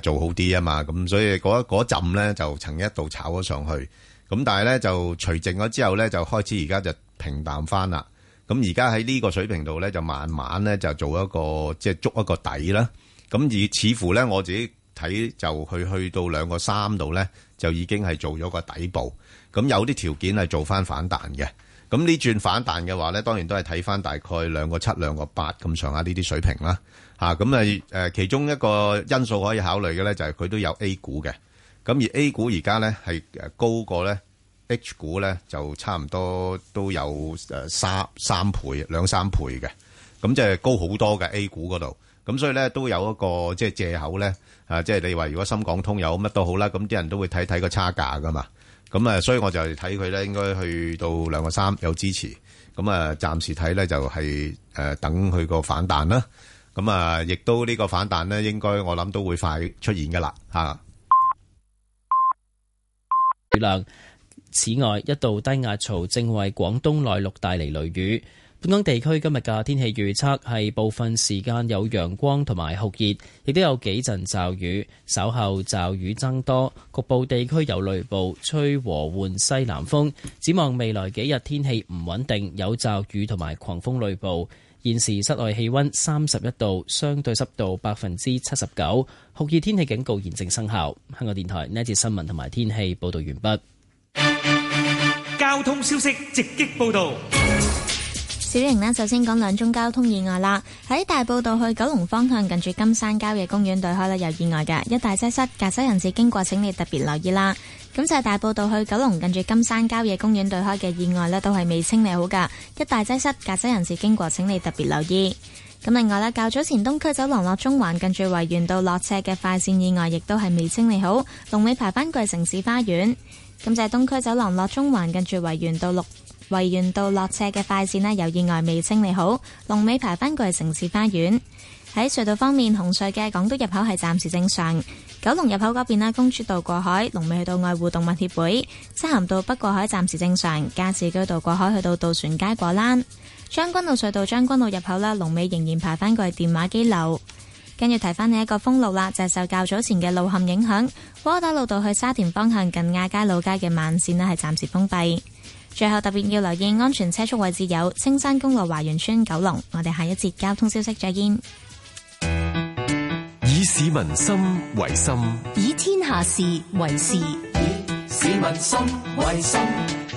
誒做好啲啊嘛。咁所以嗰嗰陣咧就曾經一度炒咗上去。咁但係咧就除淨咗之後咧，就開始而家就平淡翻啦。咁而家喺呢個水平度咧，就慢慢咧就做一個即係捉一個底啦。咁而似乎咧，我自己睇就去去到兩個三度咧，就已經係做咗個底部。咁有啲條件係做翻反彈嘅。咁呢轉反彈嘅話咧，當然都係睇翻大概兩個七兩個八咁上下呢啲水平啦。嚇咁啊誒，其中一個因素可以考慮嘅咧，就係佢都有 A 股嘅。咁而 A 股而家咧係誒高過咧。H 股呢就差唔多都有誒三三倍兩三倍嘅，咁即係高好多嘅 A 股嗰度。咁所以呢都有一個即係藉口呢，啊即係你話如果深港通有乜都好啦，咁啲人都會睇睇個差價㗎嘛。咁啊，所以我就睇佢呢應該去到兩個三有支持。咁啊，暫時睇呢就係、是、誒、呃、等佢個反彈啦。咁啊，亦都呢個反彈呢，應該我諗都會快出現㗎喇吓。此外，一道低壓槽正為廣東內陸帶嚟雷雨。本港地區今日嘅天氣預測係部分時間有陽光同埋酷熱，亦都有幾陣驟雨。稍後驟雨增多，局部地區有雷暴，吹和緩西南風，展望未來幾日天氣唔穩定，有驟雨同埋狂風雷暴。現時室內氣溫三十一度，相對濕度百分之七十九，酷熱天氣警告現正生效。香港電台呢一節新聞同埋天氣報道完畢。交通消息直擊報道，小瑩呢，首先講兩宗交通意外啦。喺大埔道去九龍方向，近住金山郊野公園對開呢，有意外嘅，一大擠塞，駕駛人士經過，請你特別留意啦。咁就係大埔道去九龍近住金山郊野公園對開嘅意外呢都係未清理好噶，一大擠塞，駕駛人士經過，請你特別留意。咁另外咧，較早前東區走廊落中環，近住維園道落斜嘅快綫意外，亦都係未清理好，龍尾排翻過城市花園。咁就係東區走廊落中環近住維園道六維園道落斜嘅快線咧，有意外未清理好，龍尾排返過去城市花園。喺隧道方面，紅隧嘅港島入口係暫時正常，九龍入口嗰邊啦，公主道過海龍尾去到愛護動物協會，西咸道北過海暫時正常，加士居道過海去到渡船街果欄，將軍澳隧道將軍澳入口啦，龍尾仍然排返過去電話機樓。跟住提翻呢一個封路啦，就係、是、受較早前嘅路陷影響，窩打老道去沙田方向近亞皆老街嘅慢線呢係暫時封閉。最後特別要留意安全車速位置有青山公路華源村九龍。我哋下一節交通消息再見。以市民心為心，以天下事為事，以市民心為心，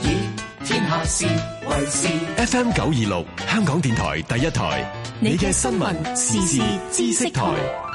以。天下事為事。FM 九二六，香港電台第一台，你嘅新聞時事知識台。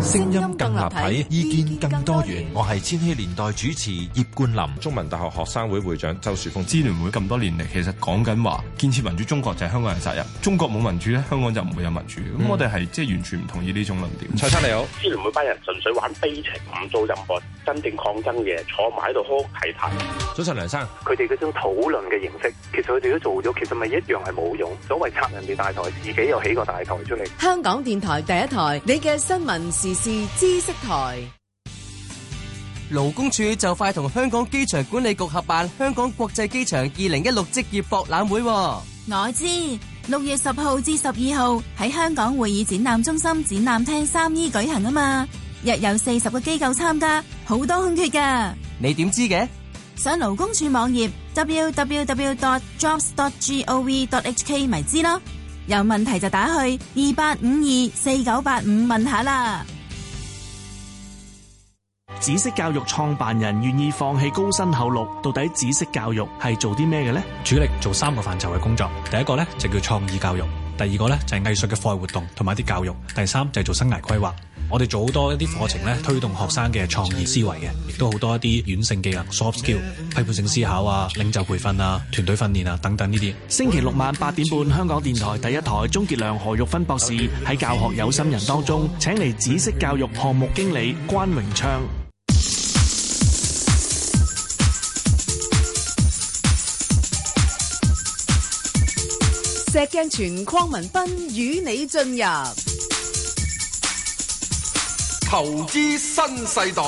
聲音更立體，意見更多元。我係千禧年代主持葉冠林，中文大學學生會會長周樹鳳，支聯會咁多年嚟，其實講緊話，建設民主中國就係香港人責任。中國冇民主咧，香港就唔會有民主。咁、嗯、我哋係即係完全唔同意呢種論點。蔡生你好，支聯會班人純粹玩悲情，唔做任何真正抗爭嘅嘢。坐埋喺度哭係睇。早晨，梁生，佢哋嗰種討論嘅形式，其實佢哋都做咗，其實咪一樣係冇用。所謂拆人哋大台，自己又起個大台出嚟。香港電台第一台，你嘅新聞。時事知識台，勞工處就快同香港機場管理局合辦香港國際機場二零一六職業博覽會，啊。我知，六月十號至十二號喺香港會議展覽中心展覽廳三 E 舉行啊嘛，約有四十個機構參加，好多空缺噶。你點知嘅？上勞工處網頁 www.jobs.gov.hk 咪知啦。有問題就打去二八五二四九八五問下啦。紫色教育創辦人願意放棄高薪厚祿，到底紫色教育係做啲咩嘅咧？主力做三個範疇嘅工作，第一個咧就叫創意教育，第二個咧就係藝術嘅課外活動同埋一啲教育，第三就係做生涯規劃。我哋做好多一啲課程咧，推動學生嘅創意思維嘅，亦都好多一啲軟性技能、soft skill 批判性思考啊、領袖培訓啊、團隊訓練啊等等呢啲。星期六晚八點半，香港電台第一台，鍾杰良、何玉芬博士喺教學有心人當中，請嚟紫色教育項目經理關榮昌。石鏡泉、鄺民彬與你進入。投資新世代。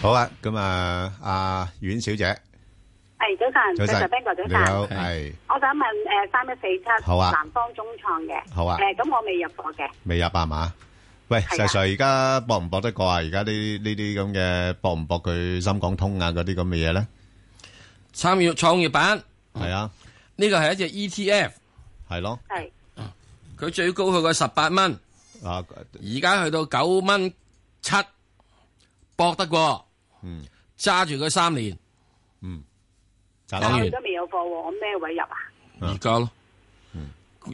好啊，咁啊，阿、呃、阮小姐，係、hey, 早晨，早晨，Ben 哥，早晨，係，好，Hey，我想問，誒，三一四七，好啊，南方中創嘅，好啊，誒、欸，咁我未入過嘅，未入啊嘛。喂，石 Sir，而家搏唔搏得過啊？而家啲呢啲咁嘅搏唔搏佢深港通啊？嗰啲咁嘅嘢咧，參與創業板係啊，呢個係一隻 ETF，係咯，係，佢最高去過十八蚊，啊，而家去到九蚊七，搏得過，嗯，揸住佢三年，嗯，打完都未有貨喎，我咩位入啊？而家咯。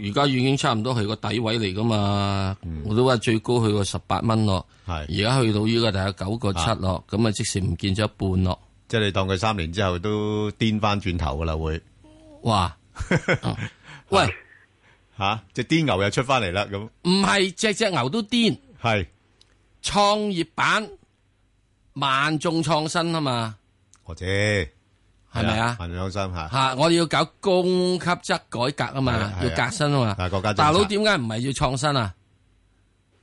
而家已經差唔多係個底位嚟噶嘛，嗯、我都話最高去過十八蚊咯，係而家去到依家就有九個七咯，咁啊即使唔見咗一半咯，即係你當佢三年之後都癲翻轉頭噶啦會，哇， 啊、喂，吓隻癲牛又出翻嚟啦咁，唔係隻隻牛都癲，係創是業板萬眾創新啊嘛，或者。係咪啊？萬眾一吓，吓！我要搞供給側改革啊嘛，要革新啊嘛。大佬點解唔係要創新啊？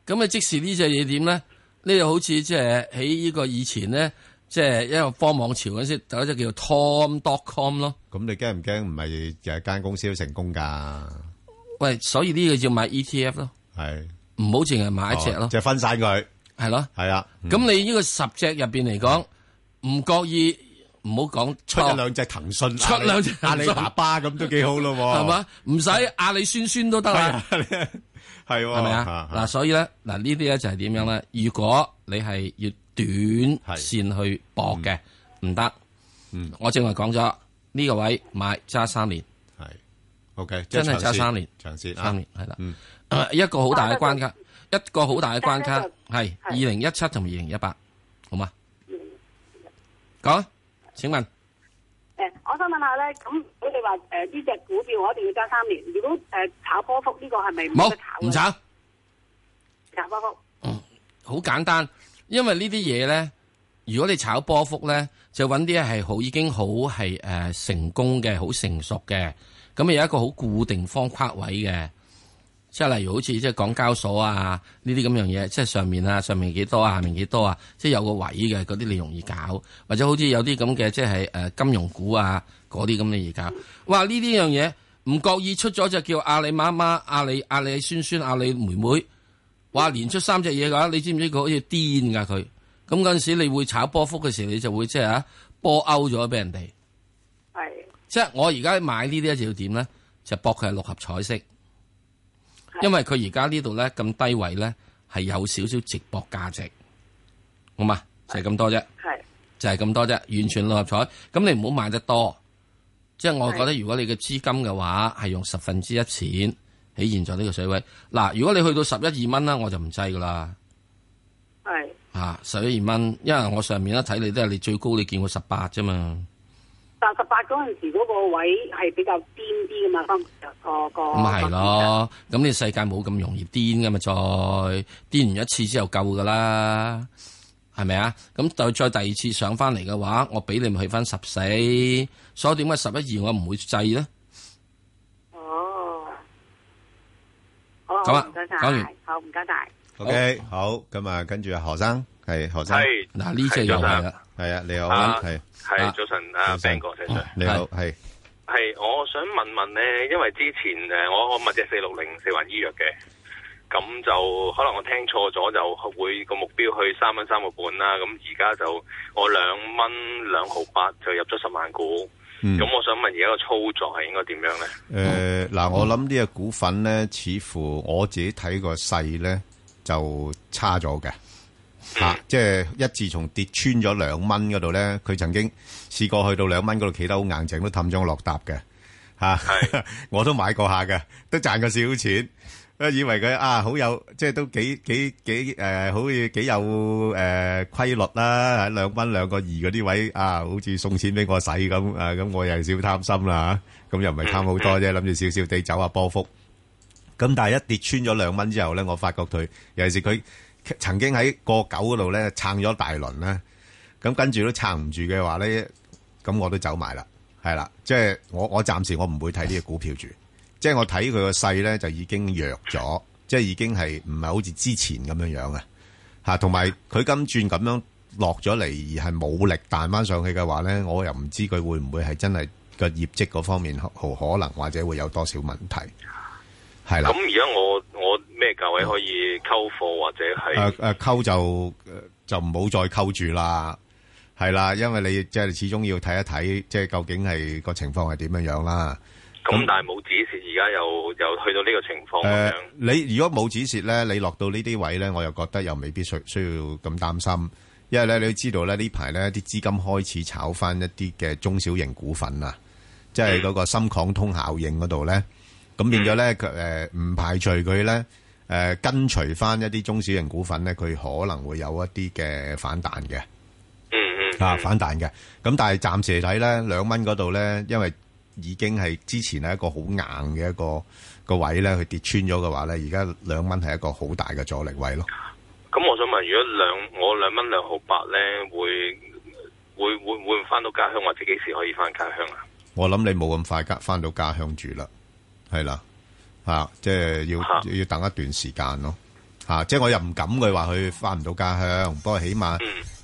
咁啊，即時呢隻嘢點咧？呢、這個、就好似即係喺呢個以前咧，即、就、係、是、一個科網潮嗰陣時，有一隻叫做 Tom dot com 咯。咁你驚唔驚？唔係成間公司都成功噶？喂，所以呢個要買 ETF 咯，係唔好淨係買一隻咯，即係、哦就是、分散佢，係咯的，係啊、嗯。咁你呢個十隻入邊嚟講，唔覺意。唔好講出兩隻騰訊，出兩隻阿里巴巴咁都幾好咯，係嘛？唔使阿里酸酸都得啦，係咪啊？嗱，所以咧，嗱呢啲咧就係點樣咧？如果你係要短線去搏嘅，唔得。嗯，我正話講咗呢個位買揸三年，係 OK，真係揸三年，長線三年係啦。一個好大嘅關卡，一個好大嘅關卡係二零一七同二零一八，好嘛？講。請問，誒、欸，我想問下咧，咁你哋話誒呢隻股票我一定要揸三年，如果誒炒波幅呢個係咪唔得炒嘅？冇，唔、呃、炒。炒波幅炒。波幅。嗯，好簡單，因為呢啲嘢咧，如果你炒波幅咧，就揾啲係好已經好係誒、呃、成功嘅，好成熟嘅，咁啊有一個好固定方框位嘅。即係例如好似即係港交所啊呢啲咁樣嘢，即係上面啊上面幾多啊，下面幾多啊，即係有個位嘅嗰啲，你容易搞，或者好似有啲咁嘅即係誒金融股啊嗰啲咁嘅嘢搞。哇呢啲樣嘢，唔覺意出咗隻叫阿里媽媽、阿里阿里酸酸、阿里妹妹，哇連出三隻嘢嘅話，你知唔知佢好似癲噶佢？咁嗰陣時你會炒波幅嘅時候，你就會即係啊波勾咗俾人哋。係。即係我而家買呢啲一就要點咧？就博佢係六合彩色。因為佢而家呢度咧咁低位咧，係有少少值博價值，好嘛？就係、是、咁多啫，就係咁多啫，完全六合彩。咁你唔好買得多，即、就、係、是、我覺得如果你嘅資金嘅話係用十分之一錢喺現在呢個水位。嗱，如果你去到十一二蚊啦，我就唔制㗎啦，係是啊，十一二蚊，因為我上面一睇你都係你最高，你見過十八啫嘛。八十八嗰陣時嗰個位係比較癲啲噶嘛，當時、呃嗯嗯、個個咁係咯，咁你世界冇咁容易癲噶嘛，再癲完一次之後夠噶啦，係咪啊？咁再再第二次上翻嚟嘅話，我俾你咪去翻十四，所以點解十一二我唔會制呢？哦，好啊，唔該晒，好唔該晒。OK，好咁啊，跟住啊，何生。係何生，係嗱呢隻又係係啊，你好，係係早晨，阿 Ben 哥，早晨你好，係係。我想問問咧，因為之前誒，我我問隻四六零四環醫藥嘅，咁就可能我聽錯咗，就會個目標去三蚊三個半啦。咁而家就我兩蚊兩毫八就入咗十萬股，咁我想問而家個操作係應該點樣咧？誒，嗱，我諗呢隻股份咧，似乎我自己睇個勢咧就差咗嘅。吓，即係一自從跌穿咗兩蚊嗰度咧，佢曾經試過去到兩蚊嗰度企得好硬淨，都氹咗落搭嘅吓。我都買過下嘅，都賺過少少錢。啊，以為佢啊好有，即係都幾幾幾誒，好似幾有誒規律啦。兩蚊兩個二嗰啲位啊，好似送錢俾我使咁啊，咁我又少貪心啦吓。咁又唔係貪好多啫，諗住少少地走下波幅。咁但係一跌穿咗兩蚊之後咧，我發覺佢尤其是佢。曾經喺過九嗰度咧撐咗大輪咧，咁跟住都撐唔住嘅話咧，咁我都走埋啦，係啦，即係我我暫時我唔會睇呢個股票住，即係我睇佢個勢咧就已經弱咗，即係已經係唔係好似之前咁樣樣啊，吓，同埋佢今轉咁樣落咗嚟而係冇力彈翻上去嘅話咧，我又唔知佢會唔會係真係個業績嗰方面好可能或者會有多少問題，係啦。咁而家我。咩價位可以溝貨或者係誒誒溝就就唔好再溝住啦，係啦，因為你即係、就是、始終要睇一睇，即、就、係、是、究竟係、啊、個情況係點、啊、樣樣啦。咁但係冇止蝕，而家又又去到呢個情況咁樣。誒，你如果冇止蝕咧，你落到呢啲位咧，我又覺得又未必需需要咁擔心，因為咧你都知道咧呢排咧啲資金開始炒返一啲嘅中小型股份啊，即係嗰個深港通效應嗰度咧，咁變咗咧佢誒唔排除佢咧。誒、呃，跟隨翻一啲中小型股份咧，佢可能會有一啲嘅反彈嘅、嗯。嗯嗯。啊，反彈嘅。咁但係暫時嚟睇咧，兩蚊嗰度咧，因為已經係之前係一個好硬嘅一個一個位咧，佢跌穿咗嘅話咧，而家兩蚊係一個好大嘅阻力位咯。咁、嗯、我想問，如果兩我兩蚊兩毫八咧，會會會唔會翻到家鄉，或者幾時可以翻家鄉啊？我諗你冇咁快㗎，翻到家鄉住啦，係啦。 啊，即係要要等一段時間咯，啊，即係我又唔敢佢話佢翻唔到家鄉，不過起碼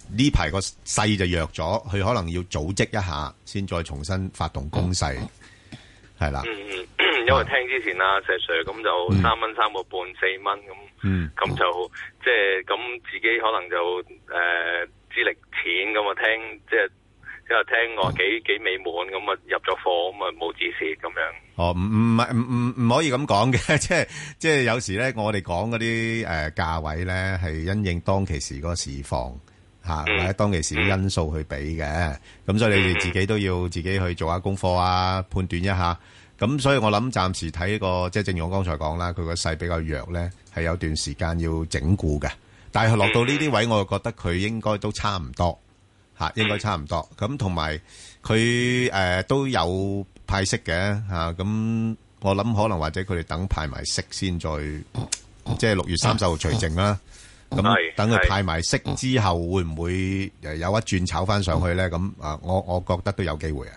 呢排個勢就弱咗，佢可能要組織一下，先再重新發動攻勢，係、啊、啦。嗯嗯，因為聽之前阿、啊、石 Sir 咁就三蚊三個半四蚊咁，咁就即係咁自己可能就誒資、呃、力淺咁啊，聽即係。就是即係聽我幾幾美滿咁啊，入咗貨咁啊冇，止蝕咁樣。哦，唔唔係唔唔可以咁講嘅，即係即係有時咧，我哋講嗰啲誒價位咧係因應當其時嗰個市況吓，或者，嗯啊，當其時啲因素去畀嘅。咁，嗯，所以你哋自己都要自己去做下功課啊，判斷一下。咁所以我諗暫時睇個即係正如我剛才講啦，佢個勢比較弱咧，係有段時間要整固嘅。但係落到呢啲位，嗯，我又覺得佢應該都差唔多。吓，應該差唔多咁，同埋佢誒都有派息嘅吓。咁我諗可能或者佢哋等派埋息先，再即係六月三十號除淨啦。咁等佢派埋息之後，會唔會誒有一轉炒翻上去咧？咁啊，我我覺得都有機會啊。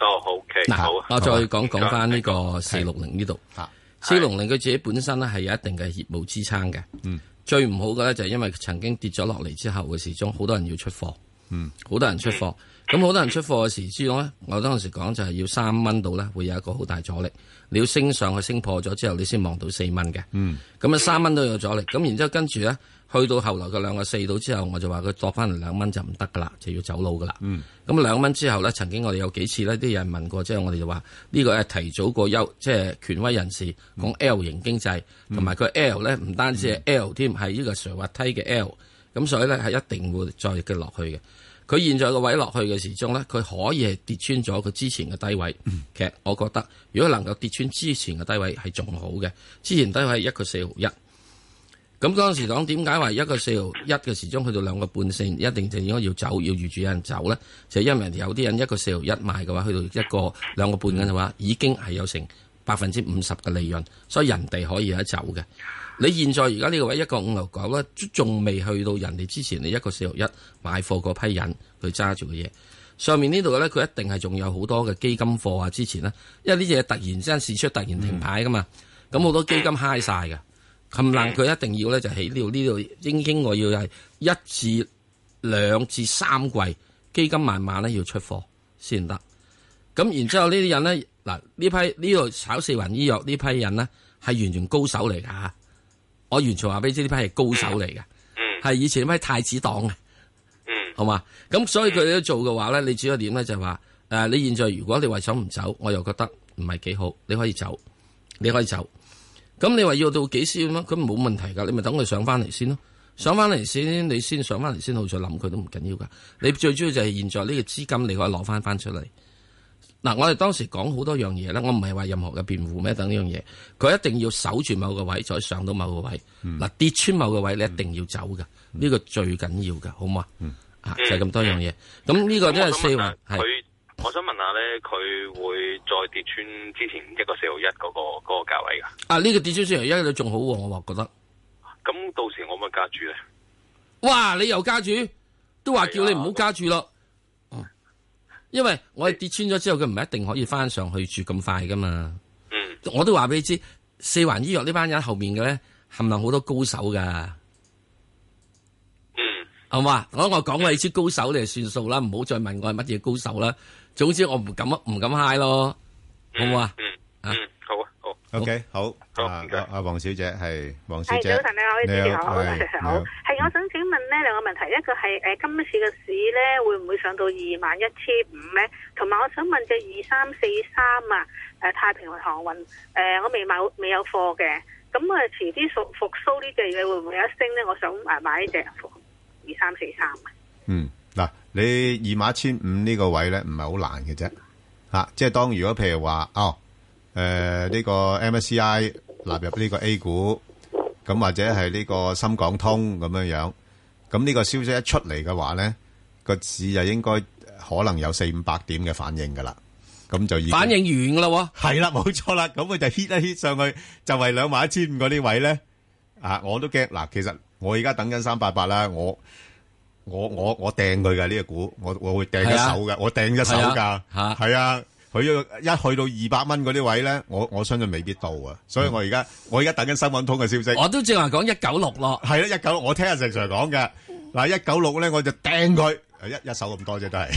哦，OK，好。我再講講翻呢個四六零呢度。吓，四六零佢自己本身咧係有一定嘅業務支撐嘅。嗯，最唔好嘅咧就係因為曾經跌咗落嚟之後嘅始終，好多人要出貨。嗯，好多人出貨，咁好多人出貨嘅時，知道咧，我當時講就係要三蚊度咧，會有一個好大阻力，你要升上去，升破咗之後你，你先望到四蚊嘅。嗯，咁啊三蚊都有阻力，咁然之後跟住咧，去到後來個兩個四度之後，我就話佢落翻嚟兩蚊就唔得噶啦，就要走佬噶啦。嗯，咁兩蚊之後咧，曾經我哋有幾次咧，啲人問過，之後我哋就話呢個係提早過優，即係權威人士講 L 型經濟，同埋佢 L 咧唔單止係 L 添，嗯，係呢個上滑梯嘅 L。咁所以咧係一定會再跌落去嘅。佢現在個位落去嘅時鐘咧，佢可以係跌穿咗佢之前嘅低位。嗯、其實我覺得，如果能夠跌穿之前嘅低位係仲好嘅。之前低位一個四毫一。咁當時講點解話一個四毫一嘅時鐘去到兩個半先，一定就應該要走，要預住有人走咧？就係、因為有啲人一個四毫一賣嘅話，去到一個兩個半嘅話，已經係有成百分之五十嘅利潤，所以人哋可以喺走嘅。你現在而家呢個位一個五六九咧，仲未去到人哋之前，你一個四六一買貨嗰批人去揸住嘅嘢。上面呢度咧，佢一定係仲有好多嘅基金貨啊。之前呢，因為呢隻嘢突然之間事出突然停牌噶嘛，咁、嗯、好、嗯、多基金 high 晒嘅，冚爛佢一定要咧就喺呢度呢度。應應我要係一至兩至三季基金慢慢咧要出貨先得。咁然之後呢啲人咧，嗱呢批呢度炒四環醫藥呢批人咧，係完全高手嚟噶。我完全話俾你知，呢批係高手嚟嘅，係、嗯、以前咩太子黨嘅，嗯、好嘛？咁所以佢哋都做嘅話咧，你主要點咧就話、是、誒、呃，你現在如果你話想唔走，我又覺得唔係幾好，你可以走，你可以走，咁你話要到幾時咁樣？咁冇問題噶，你咪等佢上翻嚟先咯，上翻嚟先，你先上翻嚟先好再諗佢都唔緊要噶。你最主要就係現在呢個資金，你可以攞翻翻出嚟。嗱、啊，我哋當時講好多樣嘢咧，我唔係話任何嘅辯護咩？等呢樣嘢，佢一定要守住某個位再上到某個位。嗱、嗯，跌穿某個位，你一定要走噶，呢、這個最緊要噶，好唔好、嗯、啊？就係、是、咁多樣嘢。咁、嗯、呢、嗯嗯哦這個都係四毫。佢是，我想問下咧，佢會再跌穿之前一、那個四毫一嗰個嗰個價位噶？啊，呢、這個跌穿四毫一都仲好喎、啊，我話覺得。咁到時我咪加注咧？哇，你又加注？都話對叫你唔好對加注咯。因為我哋跌穿咗之後，佢唔係一定可以翻上去住咁快噶嘛。嗯，我都話俾你知，四環醫藥呢班人後面嘅咧，含留好多高手噶。嗯，係嘛，我我講過你知高手你就算數啦，唔好再問我係乜嘢高手啦。總之我唔敢唔敢嗨咯，好唔好啊？嗯。OK，好，阿阿黃小姐係黃小姐，是小姐早晨你好，你好，係，好，係，我想請問呢兩個問題，一個係誒今次嘅市咧會唔會上到二萬一千五咧？同埋我想問隻二三四三啊，誒，太平洋航運誒、啊，我未買未有貨嘅，咁啊，遲啲復復蘇呢隻嘢會唔會有一升咧？我想誒買呢隻二三四三啊。嗯，嗱，你二萬一千五呢個位咧唔係好難嘅啫，吓，即係當如果譬如話哦。誒，呢個 MSCI 納入呢個 A 股，咁或者係呢個深港通咁樣樣，咁呢個消息一出嚟嘅話咧，個市就應該可能有四五百點嘅反應噶啦，咁就已反應完噶啦，係啦，冇錯啦，咁佢就 hit 一 hit 上去，就係兩萬一千五嗰啲位咧，啊，我都驚，嗱，其實我而家等緊三八八啦，我我我我掟佢嘅呢個股，我我會掟一手嘅，我掟一手噶，係啊。佢要一去到二百蚊嗰啲位咧，我我相信未必到啊！所以我而家我而家等緊新聞通嘅消息。我都正話講一九六咯，係咯一九六，我聽阿石 sir 講嘅。嗱，一九六咧，我就掟佢一一手咁多啫，都係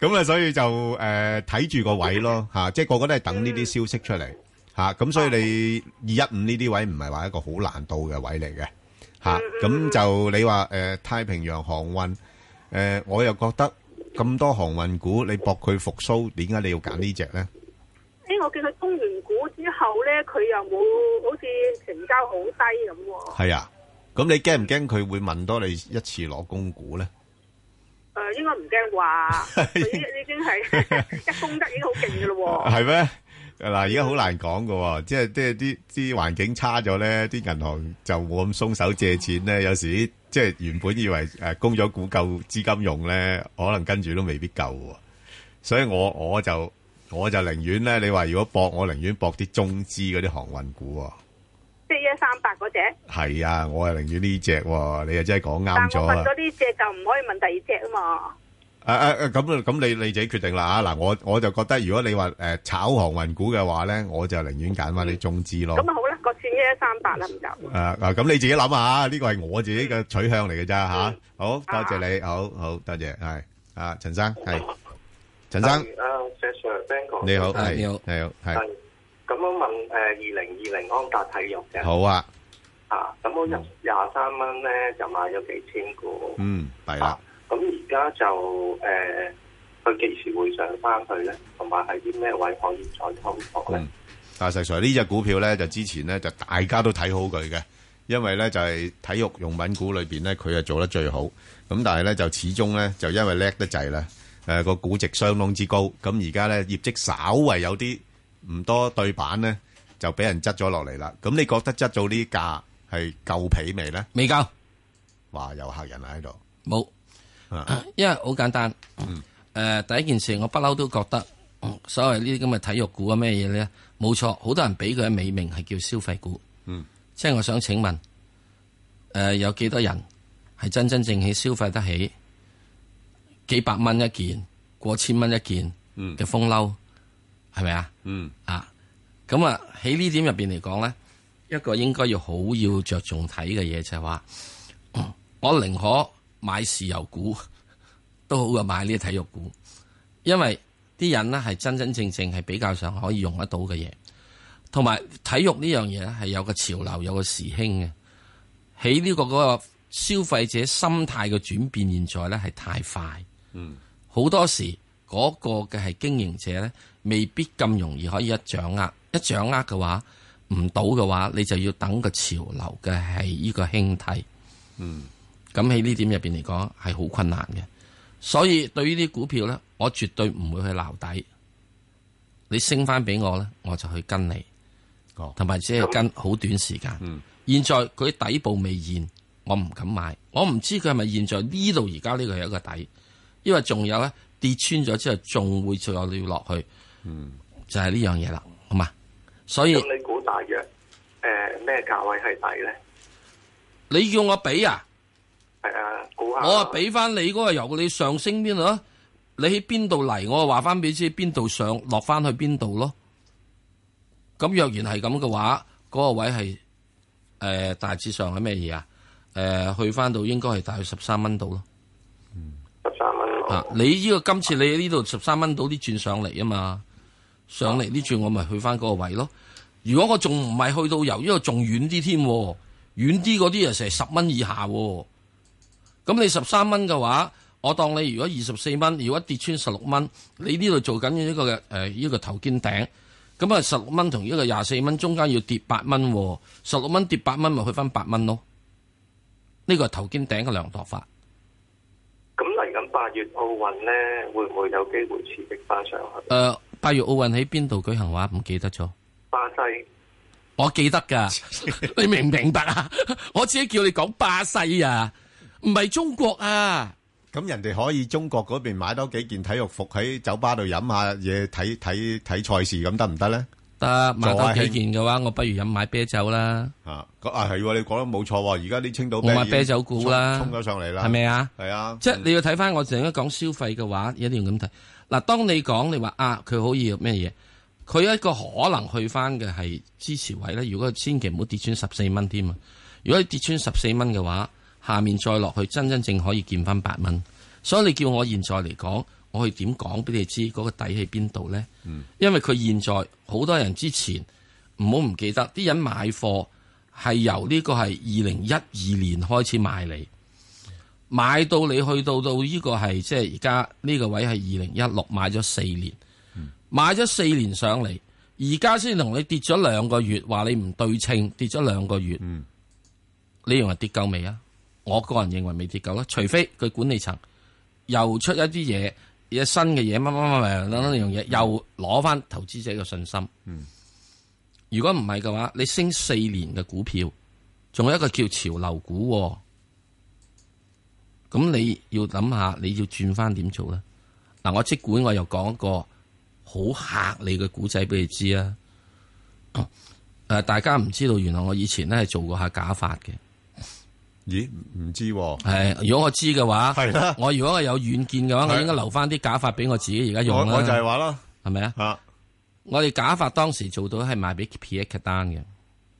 咁啊！所以就誒睇住個位咯，吓即係個個都係等呢啲消息出嚟吓。咁所以你二一五呢啲位唔係話一個好難到嘅位嚟嘅吓。咁就你話誒太平洋航運誒，我又覺得。咁多航運股，你搏佢復蘇，點解你要揀呢隻咧？誒，我見佢供完股之後咧，佢又冇好似成交好低咁喎。係啊，咁你驚唔驚佢會問多你一次攞供股咧？誒，應該唔驚啩，佢已經係一供得已經好勁噶咯喎。係咩？嗱，而家好難講噶，即係即係啲啲環境差咗咧，啲銀行就冇咁鬆手借錢咧。有時即係原本以為誒供咗股夠資金用咧，可能跟住都未必夠。所以我我就我就寧願咧，你話如果搏，我寧願搏啲中資嗰啲航運股。即係一三八嗰隻。係啊，我係寧願呢隻，你又真係講啱咗啦。但係我問咗呢隻就唔可以問第二隻啊嘛。誒誒誒，咁咁你你自己決定啦吓，嗱，我我就覺得如果你話誒炒航運股嘅話咧，我就寧願揀翻啲中資咯。咁啊，好啦，個建議一三八啦，唔錯。誒，嗱，咁你自己諗下，呢個係我自己嘅取向嚟嘅啫吓。好多謝你，好好多謝，係啊，陳生係。陳生。誒，Sir，你好，你好，你好，係。咁我問誒，二零二零安踏體育嘅。好啊。啊，咁我入廿三蚊咧，就買咗幾千股。嗯，係啦。咁而家就誒，佢、呃、幾時會上翻去咧？同埋係啲咩位可以再購入咧？嗯，阿石 Sir，呢隻股票咧，就之前咧就大家都睇好佢嘅，因為咧就係、是、體育用品股裏邊咧，佢係做得最好。咁但係咧就始終咧就因為叻得滯啦，誒個估值相當之高。咁而家咧業績稍為有啲唔多對板咧，就俾人執咗落嚟啦。咁你覺得執咗呢價係夠皮未咧？未夠話有客人喺度冇。 因為好簡單，誒、呃，第一件事我不嬲都覺得，呃、所謂呢啲咁嘅體育股啊，咩嘢咧？冇錯，好多人俾佢嘅美名係叫消費股，嗯、即係我想請問，誒、呃，有幾多人係真真正正消費得起幾百蚊一件，過千蚊一件嘅風褸，係咪、嗯嗯、啊？嗯，啊，咁啊喺呢點入邊嚟講咧，一個應該要好要着重睇嘅嘢就係話、呃，我寧可。買石油股都好過買呢啲體育股，因為啲人咧係真真正正係比較上可以用得到嘅嘢，同埋體育呢樣嘢咧係有個潮流，有個時興嘅。喺呢個嗰個消費者心態嘅轉變，現在呢係太快。嗯，好多時嗰個嘅係經營者呢未必咁容易可以一掌握，一掌握嘅話唔到嘅話，你就要等個潮流嘅係呢個興替。嗯。咁喺呢點入邊嚟講係好困難嘅，所以對呢啲股票咧，我絕對唔會去撈底。你升翻，俾我咧，我就去跟你，同埋只係跟好短時間。嗯，現在佢底部未現，我唔敢買。我唔知佢係咪現在呢度而家呢個係一個底，因為仲有咧跌穿咗之後，仲會再要落去。嗯，就係呢樣嘢啦。好嘛，所以你估大約誒咩價位係底咧？你叫我俾啊？係啊，我啊俾翻你嗰個由你上升邊度咯。你喺邊度嚟，我啊話翻俾你知邊度上落翻去邊度咯。咁若然係咁嘅話，嗰、嗰個位係誒、呃，大致上係咩嘢啊？誒、呃，去翻到應該係大約十三蚊度咯。嗯，十三蚊。啊，你呢、呢個今次你喺呢度十三蚊度啲轉上嚟啊嘛，上嚟呢轉我咪去翻嗰個位咯。如果我仲唔係去到由呢個仲遠啲添，遠啲嗰啲又成十蚊以下。咁你十三蚊嘅話，我當你如果二十四蚊，如果跌穿十六蚊，你呢度做緊呢個嘅誒呢個頭肩頂，咁啊十六蚊同一個廿四蚊中間要跌八蚊，十六蚊跌八蚊咪去翻八蚊咯。呢、呢個係頭肩頂嘅量度法。咁嚟緊八月奧運呢，會唔會有機會刺激翻上去？誒、呃，八月奧運喺邊度舉行話唔記得咗？巴西，我記得噶， 你明唔明白啊？ 我自己叫你講巴西啊！唔係中國啊！咁人哋可以中國嗰邊買多幾件體育服，喺酒吧度飲下嘢睇睇睇賽事，咁得唔得咧？得買多幾件嘅話，我不如飲買啤酒啦。吓、啊，咁啊係你講得冇錯。而家啲青島我買啤酒股啦，沖咗上嚟啦，係咪啊？係啊的！嗯、即係你要睇翻，我成日講消費嘅話一定要咁睇。嗱，當你講你話啊，佢可以咩嘢？佢一個可能去翻嘅係支持位咧。如果千祈唔好跌穿十四蚊添啊！如果你跌穿十四蚊嘅話。下面再落去，真真正可以見翻八蚊。所以你叫我現在嚟講，我去點講俾你知嗰個底喺邊度咧？嗯、因為佢現在好多人之前唔好唔記得，啲人買貨係由呢個係二零一二年開始買，你買到你去到到呢個係即係而家呢個位係二零一六買咗四年，嗯、買咗四年上嚟，而家先同你跌咗兩個月，話你唔對稱跌咗兩個月，嗯、你認為跌夠未啊？我個人認為未跌夠啦，除非佢管理層又出一啲嘢，嘅新嘅嘢乜乜乜乜等樣樣樣嘢，又攞翻投資者嘅信心。嗯、如果唔係嘅話，你升四年嘅股票，仲有一個叫潮流股、哦，咁你要諗下，你要轉翻點做咧？嗱、啊，我即管我又講一個好吓你嘅故仔俾你知啊！誒、呃，大家唔知道，原來我以前咧係做過下假髮嘅。咦，唔知係、啊、如果我知嘅話 我，我如果我有遠見嘅話， 我應該留翻啲假髮俾我自己而家用我，我就係話啦，係咪啊？吓，我哋假髮當時做到係賣俾 P X 丹嘅。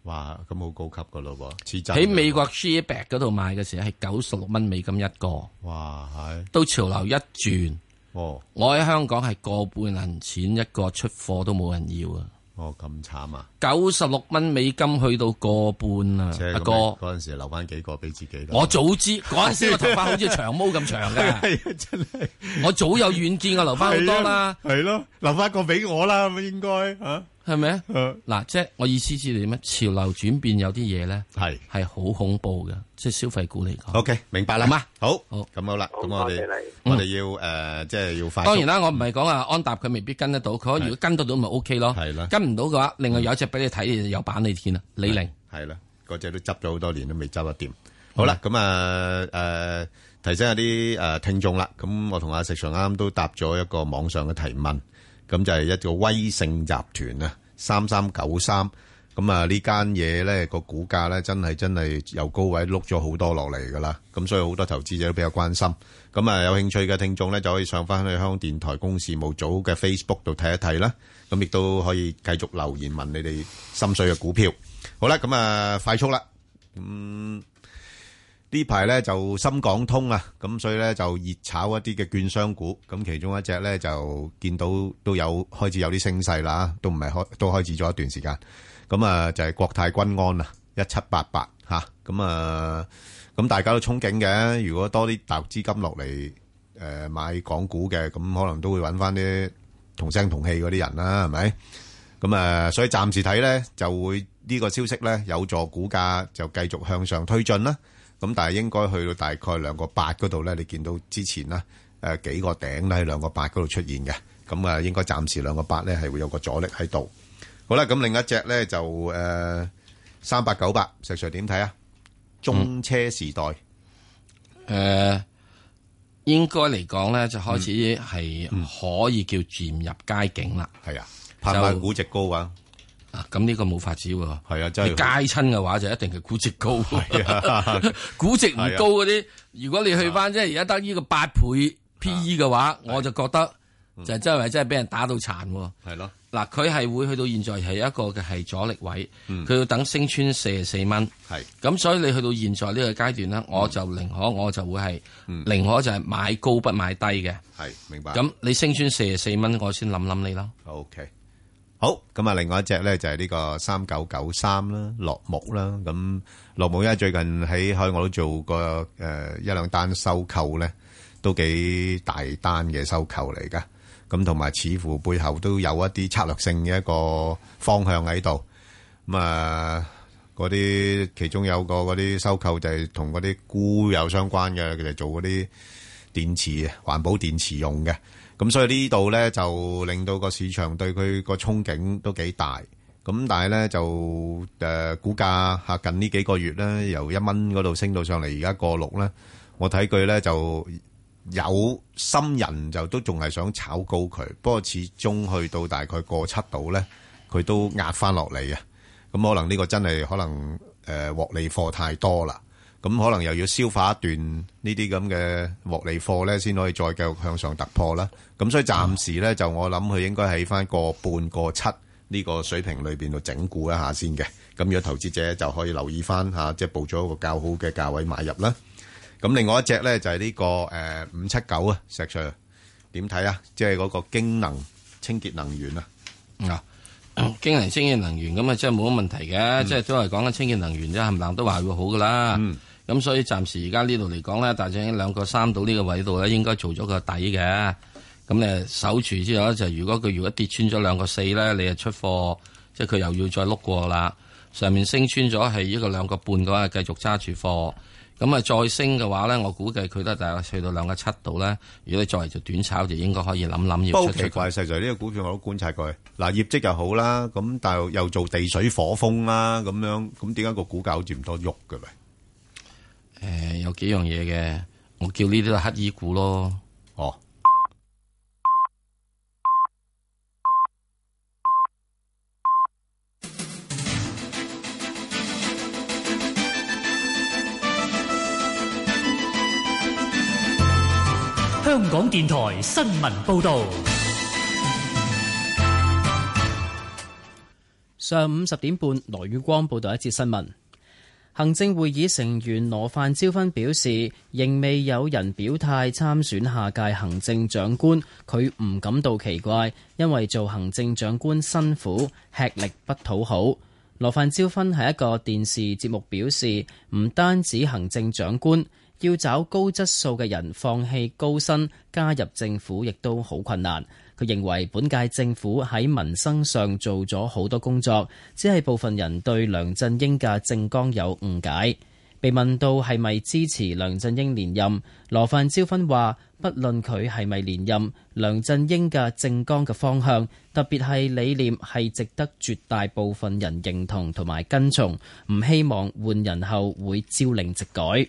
哇，咁好高級噶咯喎！喺美國 s h e b a c k 嗰度賣嘅時候係九十六蚊美金一個。哇，係。到潮流一轉，哦、我喺香港係個半銀錢一個出貨都冇人要啊。哦，咁慘啊！九十六蚊美金去到個半啊，阿哥嗰陣時留翻幾個俾自己啦。我早知嗰陣 時個頭髮好似長毛咁長嘅，真係。我早有遠見， 啊，留翻好多啦。係咯，留翻個俾我啦，應該吓。係咪啊？嗱，即係我意思係點啊？潮流轉變有啲嘢咧，係係好恐怖嘅，即係消費股嚟講。O K，明白啦嘛？好，好，咁好啦。咁我哋我哋要誒，即係要快。當然啦，我唔係講啊安踏，佢未必跟得到。佢如果跟得到，咪 O K 咯。係咯，跟唔到嘅話，另外有一隻俾你睇，有板你見啊。李寧係啦，嗰隻都執咗好多年，都未執得掂。好啦，咁啊誒，提醒下啲誒聽眾啦。咁我同阿石常啱啱都答咗一個網上嘅提問。咁就係一個威勝集團啊，三三九三，咁啊呢間嘢咧個股價咧真係真係由高位碌咗好多落嚟噶啦，咁所以好多投資者都比較關心，咁啊有興趣嘅聽眾咧就可以上翻去香港電台公共事務組嘅 Facebook 度睇一睇啦，咁亦都可以繼續留言問你哋心水嘅股票，好啦，咁啊快速啦，咁。呢排咧就深港通啊，咁所以咧就熱炒一啲嘅券商股，咁其中一隻咧就見到都有開始有啲聲勢啦，都唔係開都開始咗一段時間。咁啊就係國泰君安啦，一七八八吓，咁啊咁大家都憧憬嘅。如果多啲大陸資金落嚟誒買港股嘅，咁可能都會揾翻啲同聲同氣嗰啲人啦，係咪？咁啊，所以暫時睇咧就會呢個消息咧有助股價就繼續向上推進啦。咁但係應該去到大概兩個八嗰度咧，你見到之前啦，誒、呃、幾個頂咧喺兩個八嗰度出現嘅。咁、嗯、啊應該暫時兩個八咧係會有個阻力喺度。好啦，咁、嗯、另一隻咧就誒、呃、三八九八，石 Sir 點睇啊？中車時代誒應該嚟講咧就開始係可以叫漸入街景啦。係啊，拍就估值高啊！嗯嗯咁呢個冇法子喎，係啊，真係。你街親嘅話就一定係估值高，估值唔高嗰啲，如果你去翻即係而家得呢個八倍 P E 嘅話，我就覺得就周圍真係俾人打到殘。係咯，嗱，佢係會去到現在係一個嘅係阻力位，佢要等升穿四十四蚊。係，咁所以你去到現在呢個階段呢，我就寧可我就會係寧可就係買高不買低嘅。係，明白。咁你升穿四十四蚊，我先諗諗你啦。OK。好，咁啊，另外一隻咧就係呢個三九九三啦，洛鉬啦。咁洛鉬依家最近喺海外都做過誒一兩單收購咧，都幾大單嘅收購嚟噶。咁同埋似乎背後都有一啲策略性嘅一個方向喺度。咁、嗯、啊，嗰啲其中有個嗰啲收購就係同嗰啲鈷有相關嘅，佢哋做嗰啲電池啊，環保電池用嘅。咁所以呢度咧就令到個市場對佢個憧憬都幾大，咁但係咧就誒、呃、股價吓近呢幾個月咧由一蚊嗰度升到上嚟而家過六咧，我睇佢咧就有心人就都仲係想炒高佢，不過始終去到大概過七度咧，佢都壓翻落嚟啊！咁可能呢個真係可能誒獲、呃、利貨太多啦。咁可能又要消化一段呢啲咁嘅獲利貨咧，先可以再繼續向上突破啦。咁所以暫時咧，就我諗佢應該喺翻個半個七呢個水平裏邊度整固一下先嘅。咁如果投資者就可以留意翻吓，即係報咗一個較好嘅價位買入啦。咁另外一隻咧就係呢個誒五七九啊，石 Sir 點睇啊？即係嗰個京能清潔能源啊，啊京能清潔能源咁啊，即係冇乜問題嘅，即係都係講緊清潔能源啫，冚唪唥都話會好噶啦。咁所以，暫時而家呢度嚟講咧，大隻兩個三度呢個位度咧，應該做咗個底嘅。咁咧守住之後咧，就係、如果佢如果跌穿咗兩個四咧，你就出貨，即係佢又要再碌過啦。上面升穿咗係呢個兩個半嘅話，繼續揸住貨。咁啊再升嘅話咧，我估計佢都係大概去到兩個七度咧。如果你再做短炒，就應該可以諗諗要出。好奇怪曬，就呢個股票我都觀察過。嗱業績又好啦，咁但又做地水火風啦，咁樣咁點解個股價好似唔多喐嘅咪？誒、呃，有幾樣嘢嘅，我叫呢啲都係黑衣股咯。哦，香港電台新聞報道，上午十點半，羅宇光報道一節新聞。行政會議成員羅范椒芬表示，仍未有人表態參選下屆行政長官，佢唔感到奇怪，因為做行政長官辛苦，吃力不討好。羅范椒芬係一個電視節目表示，唔單止行政長官，要找高質素嘅人，放棄高薪加入政府，亦都好困難。佢認為本屆政府喺民生上做咗好多工作，只係部分人對梁振英嘅政綱有誤解。被問到係咪支持梁振英連任，羅范椒芬話：不論佢係咪連任，梁振英嘅政綱嘅方向，特別係理念，係值得絕大部分人認同同埋跟從，唔希望換人後會朝令夕改。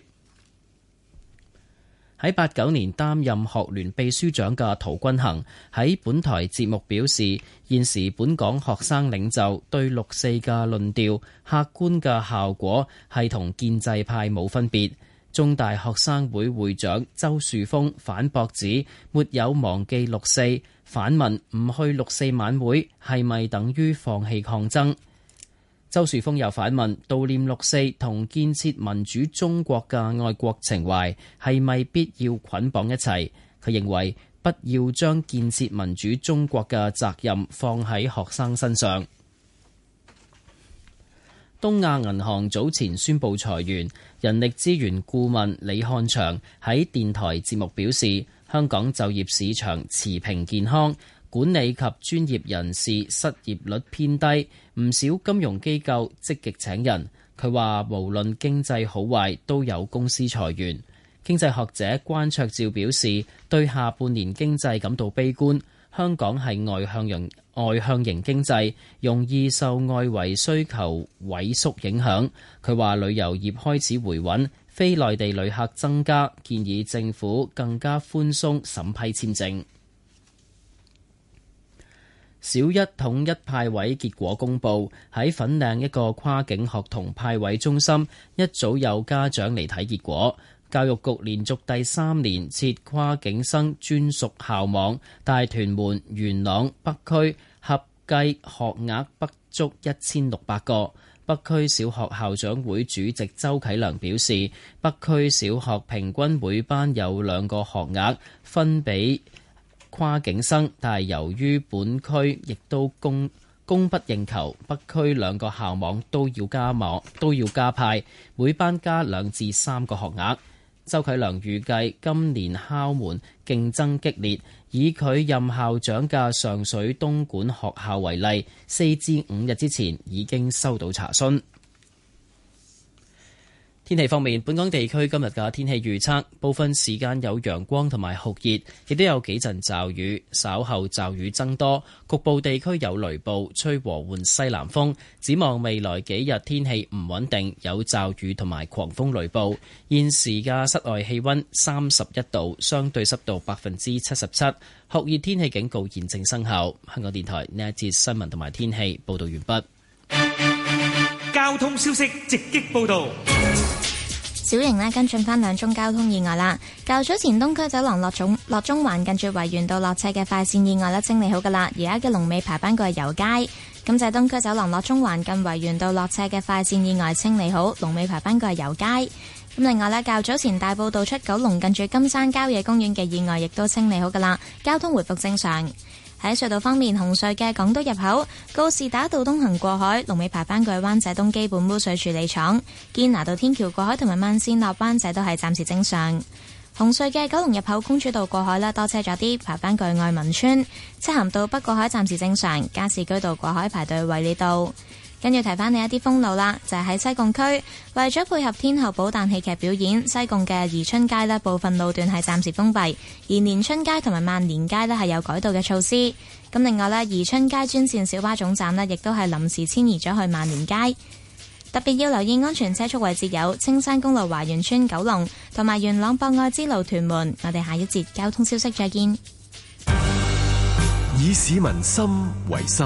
喺八九年擔任學聯秘書長嘅陶君行喺本台節目表示，現時本港學生領袖對六四嘅論調，客觀嘅效果係同建制派冇分別。中大學生會會長周樹峰反駁指，沒有忘記六四，反問唔去六四晚會係咪等於放棄抗爭？周樹峰又反問，悼念六四同建設民主中國嘅愛國情懷係咪必要捆綁一齊？佢認為不要將建設民主中國嘅責任放喺學生身上。東亞銀行早前宣布裁員，人力資源顧問李漢祥喺電台節目表示，香港就業市場持平健康，管理及專業人士失業率偏低。唔少金融機構積極請人。佢話無論經濟好壞都有公司裁員。經濟學者關卓照表示對下半年經濟感到悲觀。香港係外向型，外向型經濟，容易受外圍需求萎縮影響。佢話旅遊業開始回穩，非內地旅客增加，建議政府更加寬鬆審批簽證。小一統一派位結果公佈，喺粉嶺一個跨境學童派位中心，一早有家長嚟睇結果。教育局連續第三年設跨境生專屬校網，大屯門、元朗、北區合計學額不足一千六百個。北區小學校長會主席周啟良表示，北區小學平均每班有兩個學額分比。跨境生，但係由於本區亦都供供不應求，北區兩個校網都要加網都要加派，每班加兩至三個學額，周啟良預計今年敲門競爭激烈，以佢任校長嘅上水東莞學校為例，四至五日之前已經收到查詢。天氣方面，本港地區今日嘅天氣預測，部分時間有陽光同埋酷熱，亦都有幾陣驟雨，稍後驟雨增多，局部地區有雷暴，吹和緩西南風。展望未來幾日天氣唔穩定，有驟雨同埋狂風雷暴。現時嘅室外氣溫三十一度，相對濕度百分之七十七，酷熱天氣警告現正生效。香港電台呢一節新聞同埋天氣報道完畢。交通消息直擊報道，小型咧跟進翻兩宗交通意外啦。較早前東區走廊落總落中環近住維園道落斜嘅快綫意外咧清理好噶啦，而家嘅龍尾排班過去油街。咁就係東區走廊落中環近維園道落斜嘅快綫意外清理好，龍尾排班過去油街。咁另外咧較早前大埔道出九龍近住金山郊野公園嘅意外亦都清理好噶啦，交通回復正常。喺隧道方面，紅隧嘅港島入口告士打道東行過海，龍尾排返去灣仔東基本污水處理廠；堅拿道天橋過海同埋慢綫落灣仔都係暫時正常。紅隧嘅九龍入口公主道過海咧多車咗啲，排返去愛民邨；漆咸道北過海暫時正常；加士居道過海排隊位呢度。跟住提翻你一啲封路啦，就係喺西貢區，為咗配合天后寶誕戲劇表演，西貢嘅宜春街咧部分路段係暫時封閉，而年春街同埋萬年街咧係有改道嘅措施。咁另外咧，宜春街專綫小巴總站咧亦都係臨時遷移咗去萬年街。特別要留意安全車速位置有青山公路華園村九龍同埋元朗博愛之路屯門。我哋下一節交通消息再見。以市民心為心，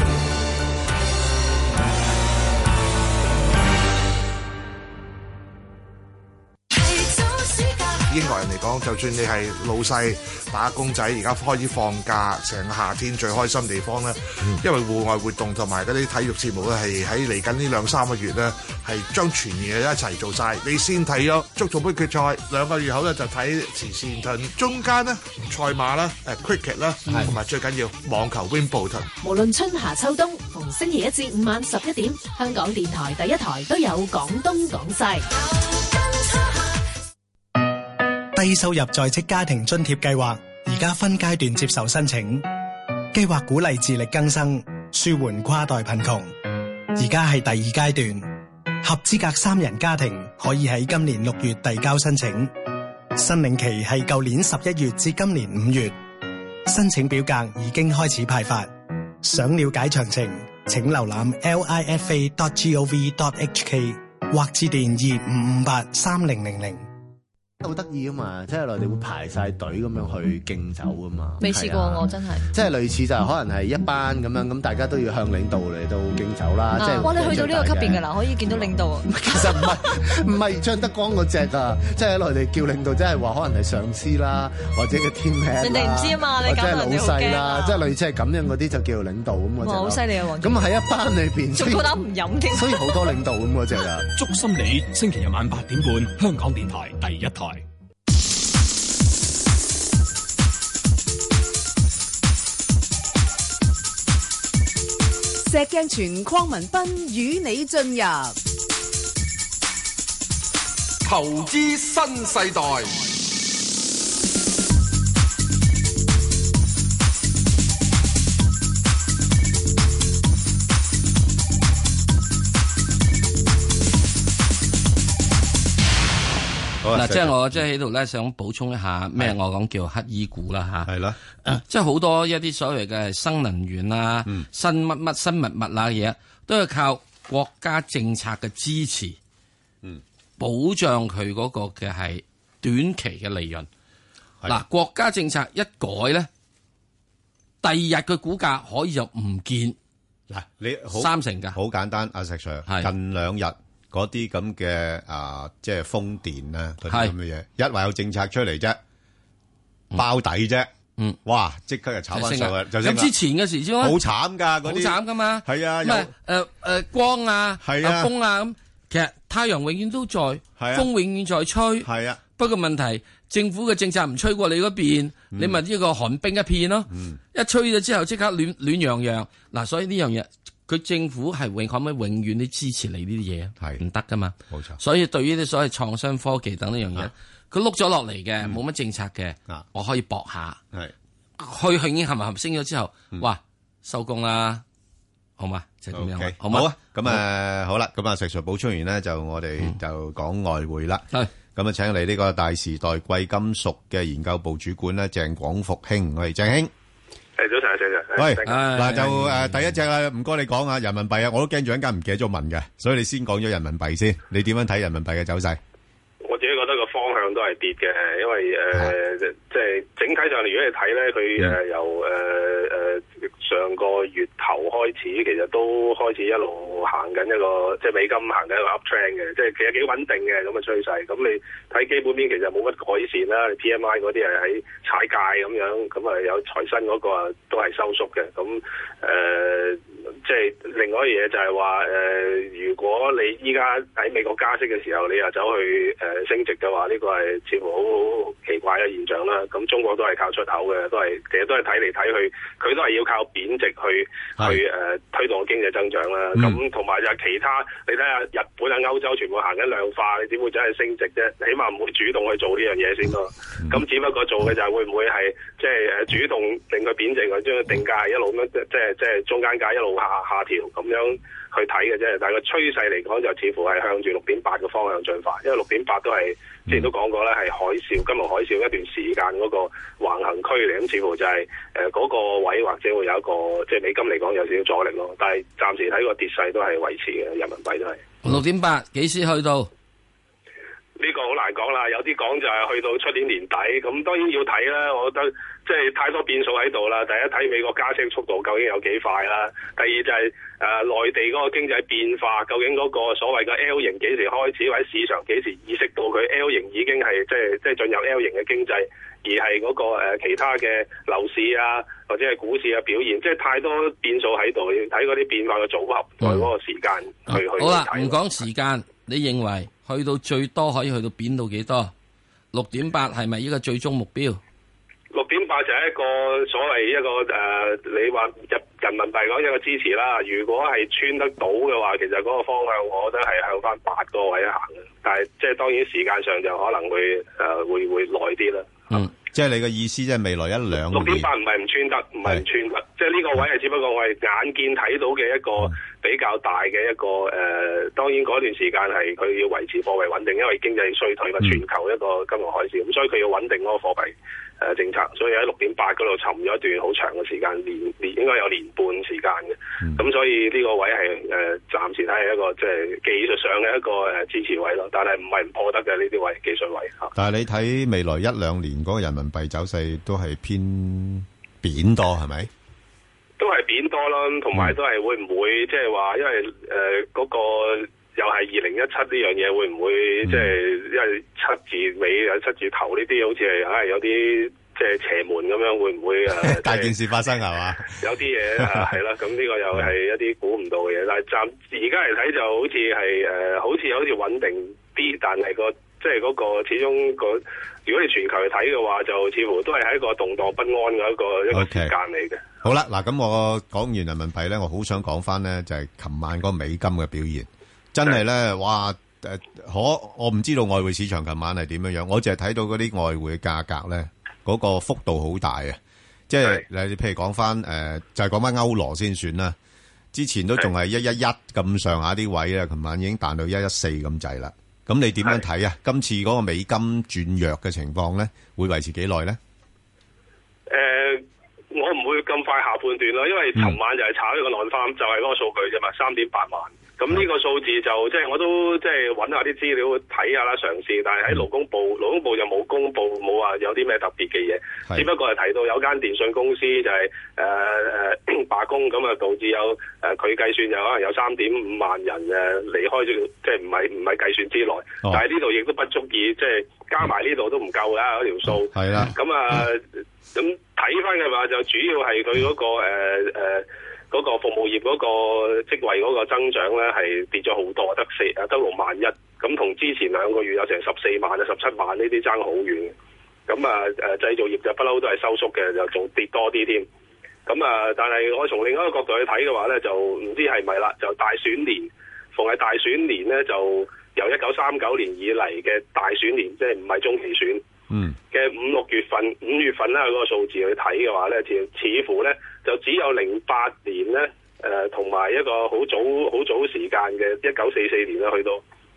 英國人嚟講，就算你係老細、打工仔，而家開始放假，成夏天最開心地方咧，因為戶外活動同埋嗰啲體育節目咧，係喺嚟緊呢兩三個月咧，係將全年一齊做曬。你先睇咗足總杯決賽，兩個月後咧就睇慈善盾，中間咧賽馬啦，誒，cricket 啦，同埋最緊要網球，Wimbledon。無論春夏秋冬，逢星期一至五晚十一點，香港電台第一台都有廣東廣西。低收入在職家庭津貼計劃而家分階段接受申請，計劃鼓勵自力更生，舒緩跨代貧窮。而家係第二階段，合資格三人家庭可以喺今年六月遞交申請，申領期係舊年十一月至今年五月。申請表格已經開始派發，想了解詳情，請瀏覽 lifa dot gov dot hk 或致電二五五八三零零零。好得意啊嘛，即係內地會排晒隊咁樣去敬酒啊嘛，未試過我真係，即係類似就可能係一班咁樣，咁大家都要向領導嚟到敬酒啦。即，哇，你去到呢個級別嘅啦，可以見到領導。其實唔係唔係張德光嗰隻啊，即係內地叫領導，即係話可能係上司啦，或者叫天哋唔知命啦，即係老細啦，即係類似係咁樣嗰啲就叫做領導咁嗰隻。哇，好犀利啊！咁喺一班裏邊，所以好多領導咁嗰隻啊。祝心理星期日晚八點半，香港電台第一台。石鏡泉、鄺民彬與你進入投資新世代。嗱，嗯、即係我即係喺度咧，想補充一下咩？嗯、我講叫黑衣股啦，吓係啦，啊、即係好多一啲所謂嘅新能源啦，嗯、新乜乜新物物啦嘢，都係靠國家政策嘅支持，嗯，保障佢嗰個嘅係短期嘅利潤。嗱係、啊，國家政策一改咧，第二日嘅股價可以就唔見嗱、啊，你好三成噶，好簡單，阿石 Sir，近兩日。嗰啲咁嘅啊，即係風電啊，嗰啲咁嘅嘢，一話有政策出嚟啫，包底啫，嗯，哇，即刻就炒翻上去，咁之前嘅時先好慘噶，好慘噶嘛，係啊，因為，誒誒，光啊，有風啊，咁其實太陽永遠都在，風永遠在吹，係啊，不過問題政府嘅政策唔吹過你嗰邊，你咪呢個寒冰一片咯，一吹咗之後即刻暖暖洋洋，嗱，所以呢樣嘢。佢政府係永可唔可以永遠都支持你呢啲嘢啊？係唔得噶嘛？冇錯是。所以對於啲所謂創新科技等呢樣嘢，佢碌咗落嚟嘅，冇乜政策嘅。啊，我可以搏下。係，佢佢已經合埋合升咗之後，哇，收工啦，好嘛？就咁樣，好嘛？咁誒好啦，咁啊石 Sir 補充完呢，就我哋就講外匯啦。係，咁啊請嚟呢個大時代貴金屬嘅研究部主管咧，鄭廣福兄，我係鄭兄。誒，早晨啊，鄭生。喂，嗱就誒，第一隻啊，唔該你講啊，人民幣啊，我都驚住一間唔記得咗問嘅，所以你先講咗人民幣先。你點樣睇人民幣嘅走勢？我自己覺得個方向都係跌嘅，因為誒，即係整體上嚟，如果你睇咧，佢誒由誒。上個月頭開始，其實都開始一路行緊一個，即係美金行緊一個 up trend 嘅，即係其實幾穩定嘅咁嘅趨勢。咁你睇基本面，其實冇乜改善啦。你 P M I 嗰啲係喺踩界咁樣，咁啊有財新嗰個都係收縮嘅。咁誒。呃即係另外一樣嘢就係話誒，如果你依家喺美國加息嘅時候，你又走去誒、呃、升值嘅話，呢、這個係似乎好奇怪嘅現象啦。咁、嗯、中國都係靠出口嘅，都係其實都係睇嚟睇去，佢都係要靠貶值去去誒、呃、推動個經濟增長啦。咁同埋就係其他，你睇下日本啊、歐洲全部行緊量化，你點會走去升值啫？起碼唔會主動去做呢樣嘢先咯、啊。咁、嗯、只不過做嘅就係會唔會係即係誒主動令佢貶值，或者個定價一路咁樣即係即係中間價一路。下下調咁樣去睇嘅啫，但係個趨勢嚟講就似乎係向住六點八嘅方向進發，因為六點八都係即係都講過咧，係海嘯金融海嘯一段時間嗰個橫行區嚟，咁似乎就係誒嗰個位或者會有一個即係美金嚟講有少少阻力咯，但係暫時睇個跌勢都係維持嘅，人民幣都係六點八幾時去到？呢個好難講啦，有啲講就係去到出年年底，咁當然要睇啦，我覺得。即係太多變數喺度啦！第一睇美國加息速度究竟有幾快啦、啊，第二就係、是、誒、呃、內地嗰個經濟變化究竟嗰個所謂嘅 L 型幾時開始，或者市場幾時意識到佢 L 型已經係即係即係進入 L 型嘅經濟，而係嗰、那個誒、呃、其他嘅樓市啊或者係股市嘅表現，即係太多變數喺度，要睇嗰啲變化嘅組合，再嗰、嗯、個時間去去，去，去、嗯。嗯、好啦，唔講時間，你認為去到最多可以去到貶到幾多？六點八係咪呢個最終目標？六點八就係一個所謂一個誒、呃，你話人人民幣嗰一個支持啦。如果係穿得到嘅話，其實嗰個方向我覺得係向翻八個位行嘅。但係即係當然時間上就可能會誒、呃、會會耐啲啦。嗯，即係你嘅意思即係未來一兩年六點八唔係唔穿得，唔係唔穿得。是即係呢個位係只不過我係眼見睇到嘅一個比較大嘅一個誒、嗯呃，當然嗰段時間係佢要維持貨幣穩定，因為經濟衰退嘅全球一個金融海嘯，咁、嗯、所以佢要穩定嗰個貨幣。誒、啊、政策，所以喺六點八嗰度沉咗一段好長嘅時間，年年應該有年半時間嘅。咁、嗯、所以呢個位係誒、呃、暫時睇係一個即係、呃、技術上嘅一個誒支持位咯。但係唔係唔破得嘅呢啲位技術位嚇。啊、但係你睇未來一兩年嗰個人民幣走勢都係偏貶多係咪？都係貶多啦，同埋都係會唔會即係話，嗯、因為誒嗰、呃那個。又係二零一七呢樣嘢，會唔會、嗯、即係因為七字尾、有七字頭呢啲，好似係唉有啲即係邪門咁樣，會唔會 大件事發生係嘛？ 有啲嘢係啦，咁呢、 啊呢個又係一啲估唔到嘅嘢。但係暫而家嚟睇就好似係誒，好似好似穩定啲，但係個即係嗰、嗰個始終個，如果你全球嚟睇嘅話，就似乎都係喺一個動蕩不安嘅一個一個時間嚟嘅。Okay. 好啦，嗱咁，我講完人民幣咧，我好想講翻咧，就係琴晚個美金嘅表現。真係咧，哇！可我唔知道外匯市場琴晚係點樣樣？我淨係睇到嗰啲外匯嘅價格咧，嗰個幅度好大啊！即係你譬如講翻誒，就係講翻歐羅先算啦。之前都仲係一一一咁上下啲位啊，琴晚已經彈到一一四咁滯啦。咁你點樣睇啊？今次嗰個美金轉弱嘅情況咧，會維持幾耐咧？誒，我唔會咁快下判斷啦，因為琴晚就係炒咗個浪花，就係嗰個數據啫嘛，三點八萬。咁呢個數字就即係我都即係揾下啲資料睇下啦，嘗試。但係喺勞工部，勞工部就冇公布，冇話有啲咩特別嘅嘢。只不過係提到有間電信公司就係誒誒罷工，咁啊導致有誒佢計算就可能有三點五萬人誒離開咗，即係唔係唔係計算之內。但係呢度亦都不足以即係加埋呢度都唔夠㗎！嗰條數係啦。咁啊，咁睇返嘅話就主要係佢嗰個誒嗰個服務業嗰個職位嗰個增長咧，係跌咗好多，得四啊，得六萬一。咁同之前兩個月有成十四萬啊、十七萬呢啲爭好遠。咁啊誒製造業就不嬲都係收縮嘅，就仲跌多啲添。咁啊，但係我從另一個角度去睇嘅話咧，就唔知係咪啦。就大選年，逢係大選年咧，就由一九三九年以嚟嘅大選年，即係唔係中期選，嗯嘅五六月份，五月份咧嗰個數字去睇嘅話咧，就似乎咧。就只有零八年咧，誒同埋一個好早好早時間嘅一九四四年啦，去到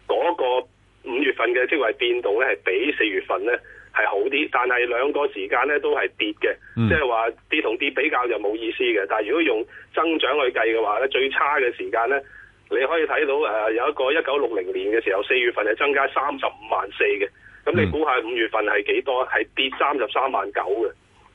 嗰個五月份嘅職位變動咧，係比四月份咧係好啲，但係兩個時間咧都係跌嘅，即係話跌同跌比較就冇意思嘅。但係如果用增長去計嘅話咧，最差嘅時間咧，你可以睇到誒、呃、有一個一九六零年嘅時候，四月份係增加三十五萬四嘅，咁你估下五月份係幾多？係跌三十三萬九嘅。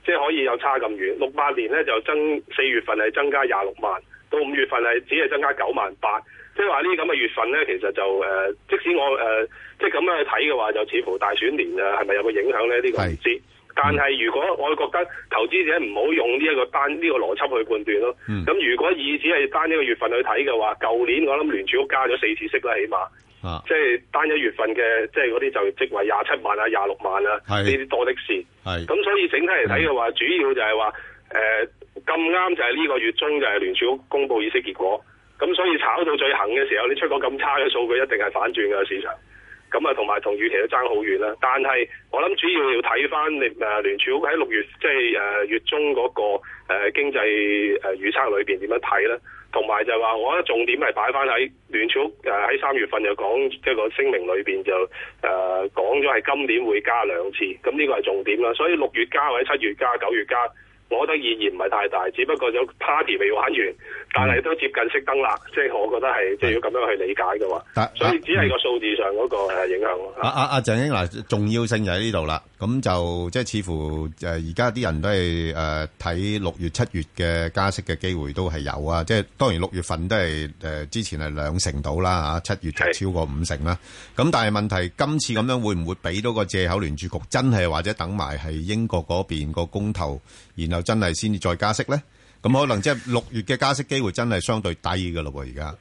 即係可以又差咁遠，六八年咧就增，四月份係增加廿六萬，到五月份係只係增加九萬八。即係話呢咁嘅月份咧，其實就誒、呃，即使我誒、呃、即係咁樣去睇嘅話，就似乎大選年啊，係咪有個影響咧？呢個唔知。但係如果、嗯、我覺得投資者唔好用呢一個單呢、這個邏輯去判斷咯。咁、嗯、如果以只係單呢個月份去睇嘅話，舊年我諗聯儲局加咗四次息啦，起碼。啊！即係單一月份嘅，即係嗰啲就業職位廿七萬啊，廿六萬啊，呢啲是多的事。係咁是，所以整體嚟睇嘅話，是主要就係話誒咁啱就係呢個月中就係聯儲局公布利息結果。咁所以炒到最行嘅時候，你出個咁差嘅數據，一定係反轉嘅市場。咁啊，同埋同預期都爭好遠啦。但係我諗主要要睇翻你誒聯儲局喺六月即係誒月中嗰、那個誒、呃、經濟誒預測裏邊點樣睇咧？同埋就係話，我覺得重點係擺翻喺聯儲誒喺三月份就講即係個聲明裏邊就誒講咗係今年會加兩次，咁呢個係重點啦。所以六月加，或者七月加，九月加，我覺得意義唔係太大，只不過有 party 未玩完。但係都接近熄燈啦，即、就、係、是、我覺得係即係要咁樣去理解嘅話，啊、所以只係個數字上嗰個誒影響咯。阿阿阿鄭英嗱、啊，重要性就喺呢度啦。咁就即係、就是、似乎誒而家啲人都係誒睇六月七月嘅加息嘅機會都係有啊。即、就、係、是、當然六月份都係誒、呃、之前係兩成到啦吓，七月就超過五成啦。咁是、啊、但係問題今次咁樣會唔會俾到個借口聯儲局真係或者等埋係英國嗰邊個公投，然後真係先至再加息咧？咁可能即係六月嘅加息機會真係相對低嘅咯，而家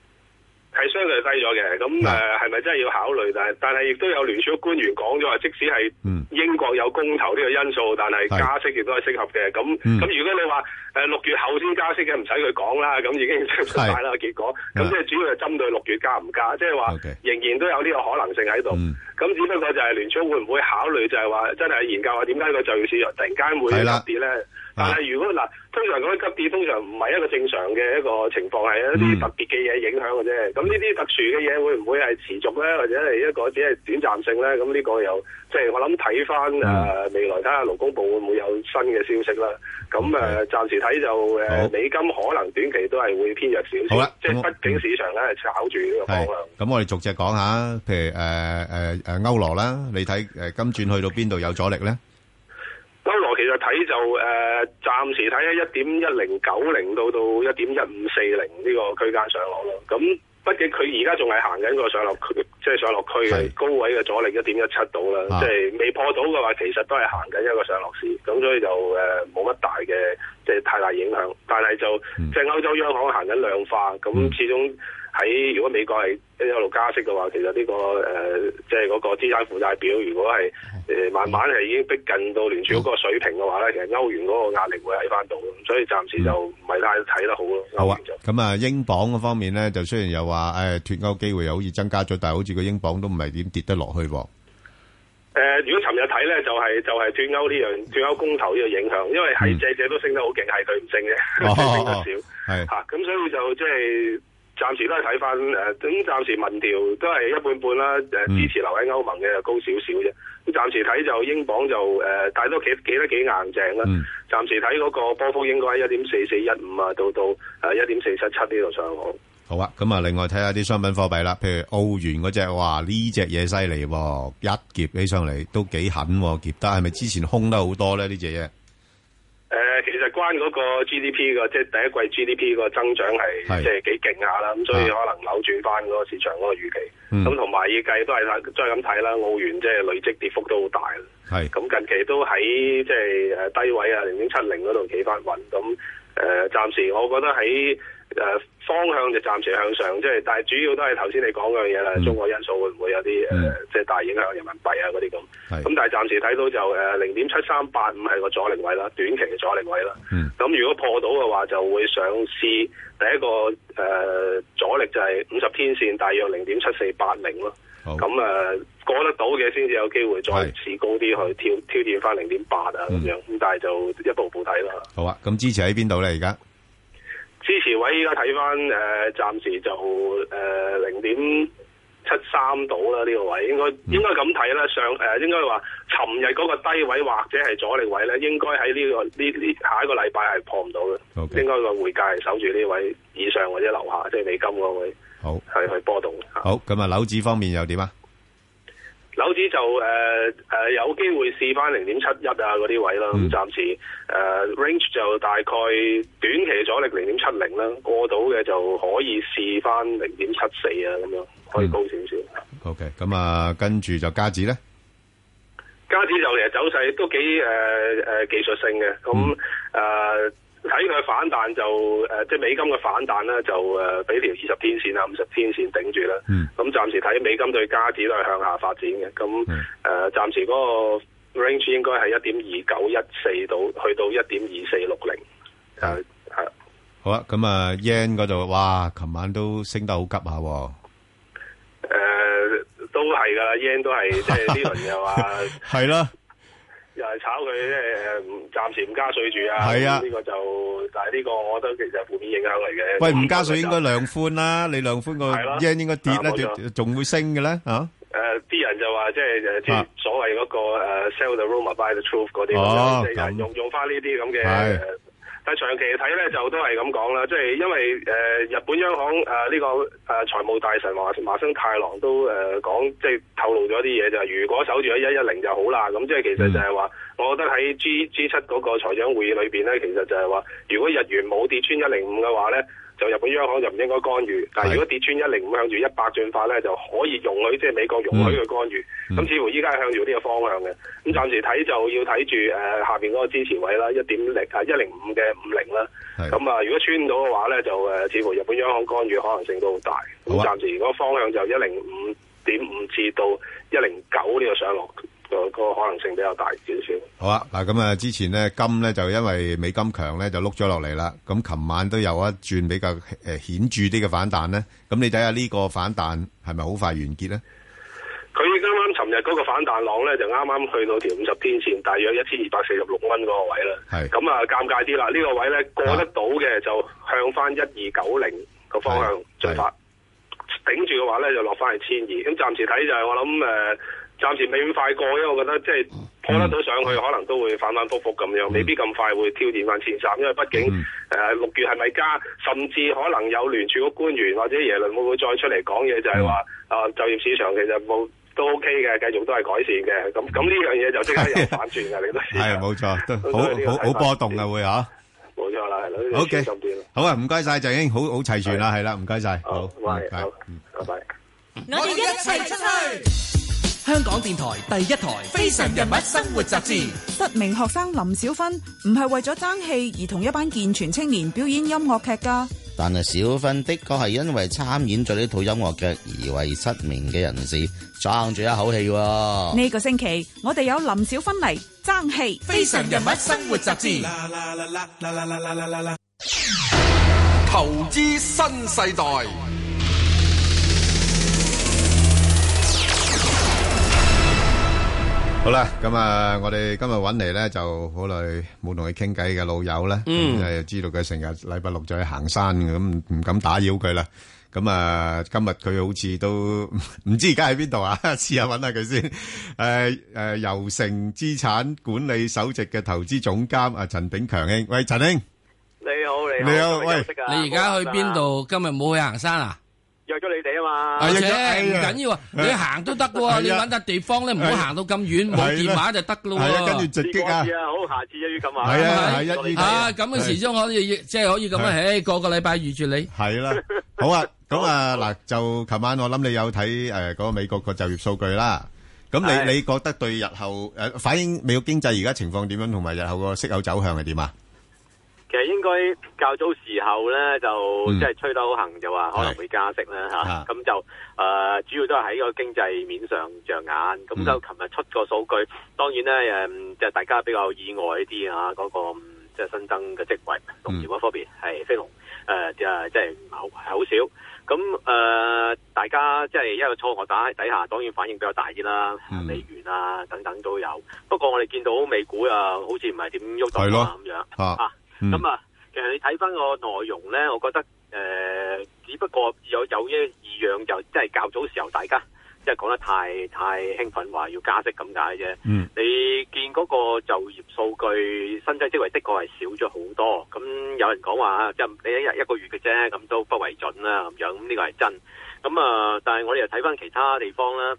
係相對低咗嘅。咁誒，係咪是真係要考慮？但係但係亦都有聯儲官員講咗話，即使係英國有公投呢個因素，但係加息亦都係適合嘅。咁咁如果你話誒六月後先加息嘅，唔使佢講啦，咁已經出晒啦，結果。咁即係主要係針對六月加唔加，即係話仍然都有呢個可能性喺度。嗯咁只不過就係聯儲會唔會考慮就係話真係研究下點解個就業市場突然間會急跌咧？啊、但係如果嗱，通常嗰啲急跌通常唔係一個正常嘅一個情況，係一啲特別嘅嘢影響嘅啫。咁呢啲特殊嘅嘢會唔會係持續咧，或者係一個只係短暫性咧？咁呢個又即係我諗睇翻誒未來睇下勞工部會唔會有新嘅消息啦。咁誒暫時睇就誒好、啊、美金可能短期都係會偏弱少少，的即係畢竟市場咧係炒住呢個方向。咁、嗯、我哋逐隻講下，譬如誒誒。呃呃呃呃誒，歐羅啦，你睇誒金轉去到邊度有阻力咧？歐羅其實睇就誒，暫時睇喺一點一零九零到到一點一五四零呢個區間上落咯。咁畢竟佢而家仲係行緊一個上落區，即係上落區高位嘅阻力一點一七度啦。即係未破到嘅話，其實都係行緊一個上落市。咁所以就誒冇乜大嘅即係太大影響。但係就即係歐洲央行行緊量化，咁始終，嗯。喺如果美國係一路加息嘅話，其實呢個誒，即係嗰個資產負債表，如果係誒慢慢係已經逼近到聯儲嗰個水平嘅話咧，其實歐元嗰個壓力會喺翻度，所以暫時就唔係太睇得好咯。好啊，咁啊，英鎊嗰方面咧，就雖然又話誒脫歐機會又好似增加咗，但係好似個英鎊都唔係點跌得落去喎。誒，如果尋日睇咧，就係就係脫歐呢樣脫歐公投呢個影響，因為係借借都升得好勁，係佢唔升嘅，升得少係嚇。咁所以就即係。暫時都係睇翻誒，咁、呃、暫時民調都係一半半啦，誒、呃、支持留喺歐盟嘅高少少啫。咁暫時睇就英鎊就誒，但都企企得幾硬淨啦。暫時睇嗰、呃嗯、個波幅應該喺一點四四一五啊，到到誒一點四七七呢度上行。好啊，咁啊，另外睇下啲商品貨幣啦，譬如澳元嗰隻，哇呢隻嘢犀利喎，一劫起上嚟都幾狠喎、啊，劫得係咪之前空得好多咧？呢隻嘢。誒、呃，其實關嗰個 GDP 個，即係第一季 GDP 個增長係是即係幾勁下啦，咁是所以可能扭轉翻嗰個市場嗰個預期，咁同埋預計都係再咁睇啦。澳元即係累積跌幅都好大，咁是、嗯、近期都喺即係誒低位啊，零點七零嗰度企翻穩，咁誒、呃、暫時我覺得喺。誒，方向就暫時向上，即係，但係主要都係頭先你講嘅嘢啦。中國因素會唔會有啲誒，即係大影響人民幣啊嗰啲咁。咁但係暫時睇到就誒，零點七三八五係個阻力位啦，短期嘅阻力位啦。咁如果破到嘅話，就會上試第一個誒阻力就係五十天線大約零點七四八零咯。咁誒過得到嘅先至有機會再試高啲去挑挑戰返零點八啊咁樣。咁但係就一步步睇啦。好啊。咁支持喺邊度咧？而家？支持位依家睇翻，誒、呃、暫時就誒零點七三度啦，呢、呃這個位應該應該咁睇啦。上誒、呃、應該話，尋日嗰個低位或者係阻力位咧，應該喺呢個呢呢下一個禮拜係破唔到嘅。Okay. 應該個匯價係守住呢位以上或者樓下，即係美金嗰位，好係去波動。好咁啊，樓指、嗯、方面又點啊？樓指就誒誒、呃呃、有機會試翻零點七一啊嗰啲位啦，咁、嗯、暫時誒、呃、range 就大概短期阻力零點七零啦，過到嘅就可以試翻零點七四啊咁樣，可以高少少、嗯。OK，咁啊，跟住就加子咧，加子就其實走勢都幾誒誒技術性嘅，咁、嗯、誒。呃睇佢反彈就誒、呃，即係美金嘅反彈咧，就誒俾條二十天線啊、五十天線頂住啦。咁、嗯嗯、暫時睇美金對加指都係向下發展嘅。咁、嗯、誒、嗯呃，暫時嗰個 range 應該係一點二九一四到去到一點二四六零。誒嚇、嗯，是好啊。咁啊，yen 嗰度哇，琴晚都升得好急下、啊。誒、呃，都係㗎，yen 都係即係呢輪又話係啦。 又係炒佢即係唔暫時唔加稅住啊！係啊，呢、嗯呢個就但係呢個，我覺得其實係負面影響嚟嘅。喂，唔加稅應該量寬啦，嗯、你量寬個 yen 應該跌一啲仲會升嘅咧吓？誒、啊，啲、呃、人就話即係即所謂嗰、嗰個 sell the rumor, buy the truth 嗰啲，就用、啊、用用翻呢啲咁嘅。誒長期睇咧，就都係咁講啦，即係因為誒、呃、日本央行誒呢、呃這個誒、呃、財務大臣話麻生太郎都誒、呃、講，即係透露咗啲嘢就係，如果守住喺一一零就好啦。咁即係其實就係話，嗯、我覺得喺 G G 七嗰個財長會議裏邊咧，其實就係話，如果日元冇跌穿一零五嘅話咧。就日本央行就唔應該干預，但係如果跌穿一零五向住一百進化咧，就可以容許即係美國容許佢干預。咁、嗯、似乎依家係向住呢個方向嘅。咁暫時睇就要睇住誒下邊嗰個支持位啦，一點零啊一零五嘅五零啦。咁啊是，如果穿到嘅話咧，就誒、呃、似乎日本央行干預可能性都好大。咁暫、啊、時如果方向就一零五點五至到一零九呢個上落。就個可能性比較大少少。好啊，嗱咁啊，之前呢金呢，就因為美金強呢，就碌咗落嚟啦。咁琴晚都有一轉比較誒顯著啲嘅反彈呢。咁你睇下呢個反彈係咪好快完結呢？佢啱啱尋日嗰個反彈浪呢，就啱啱去到條五十天線，大約一千二百四十六蚊嗰個位啦。係。咁啊，尷尬啲啦。呢個位呢，過得到嘅就向翻一二九零個方向進發。係。頂住嘅話呢，就落翻去千二。咁暫時睇就係我諗誒。呃暫時未咁快過，因為我覺得即係破得到上去，可能都會反反复复咁樣，未必咁快會挑戰翻前三，因為畢竟誒六月係咪加，甚至可能有聯儲個官員或者耶倫會再出嚟講嘢，就係話啊就業市場其實冇都 OK 嘅，繼續都係改善嘅。咁咁呢樣嘢就即刻有反轉嘅，你都係冇錯，都好好好波動嘅會嗬。冇錯啦，係啦。好嘅，好啊，唔該晒就已經，好好齊全啦，係啦，唔該晒，好，拜拜。我哋一齊出去。香港電台第一台《非常人物生活雜誌》，失明學生林小芬唔係為咗爭氣而同一班健全青年表演音樂劇噶，但係小芬的確係因為參演咗呢套音樂劇而為失明嘅人士爭住一口氣。呢個星期我哋有林小芬嚟爭氣，《非常人物生活雜誌》。啦啦啦啦啦啦啦啦啦！投資新世代。好啦，咁啊，我哋今日揾嚟咧就好耐冇同佢傾偈嘅老友啦，嗯，係知道佢成日禮拜六就去行山嘅，咁唔敢打擾佢啦。咁啊，今日佢好似都唔知而家喺邊度啊？試下揾下佢先。誒誒，油城資產管理首席嘅投資總監啊，陳炳強兄，喂，陳兄，你好，你好，你好，喂，你而家去邊度？今日冇去行山啊？約咗你哋啊嘛，而且唔緊要，你行都得嘅喎，你揾笪地方咧，唔好行到咁遠，冇電話就得嘅咯喎，跟住直擊啊！好，下次一於咁啊，係啊，一於啊，咁嘅時鐘可以即係可以咁啊，唉，個個禮拜遇住你，係啦，好啊，咁啊嗱，就琴晚我諗你有睇誒嗰個美國個就業數據啦，咁你你覺得對日後誒反映美國經濟而家情況點樣，同埋日後個息口走向係點啊？其實應該較早時候咧，就即係吹得好行，就話可能會加息啦吓。咁就誒，主要都係喺個經濟面上着眼。咁、嗯嗯嗯嗯嗯、就琴日出個數據，當然咧誒，即係大家比較意外啲、那個嗯就是、啊。嗰個即係新增嘅職位，農業嗰方面係非農誒，即係即係唔係好少。咁、嗯、誒、嗯嗯啊，大家即係一個錯愕打喺底下，當然反應比較大啲啦，美元啊，啊等等都有。不過我哋見到美股啊，好似唔係點喐到咁樣啊。啊啊咁啊，嗯嗯、其實你睇翻個內容咧，我覺得誒、呃，只不過有有一二樣就即係較早時候大家即係講得太太興奮，話要加息咁解啫。嗯，你見嗰個就業數據新增職位的確係少咗好多，咁有人講話即係你一日一個月嘅啫，咁都不為準啦咁樣。咁呢個係真。咁、嗯、啊、呃，但係我哋又睇翻其他地方啦。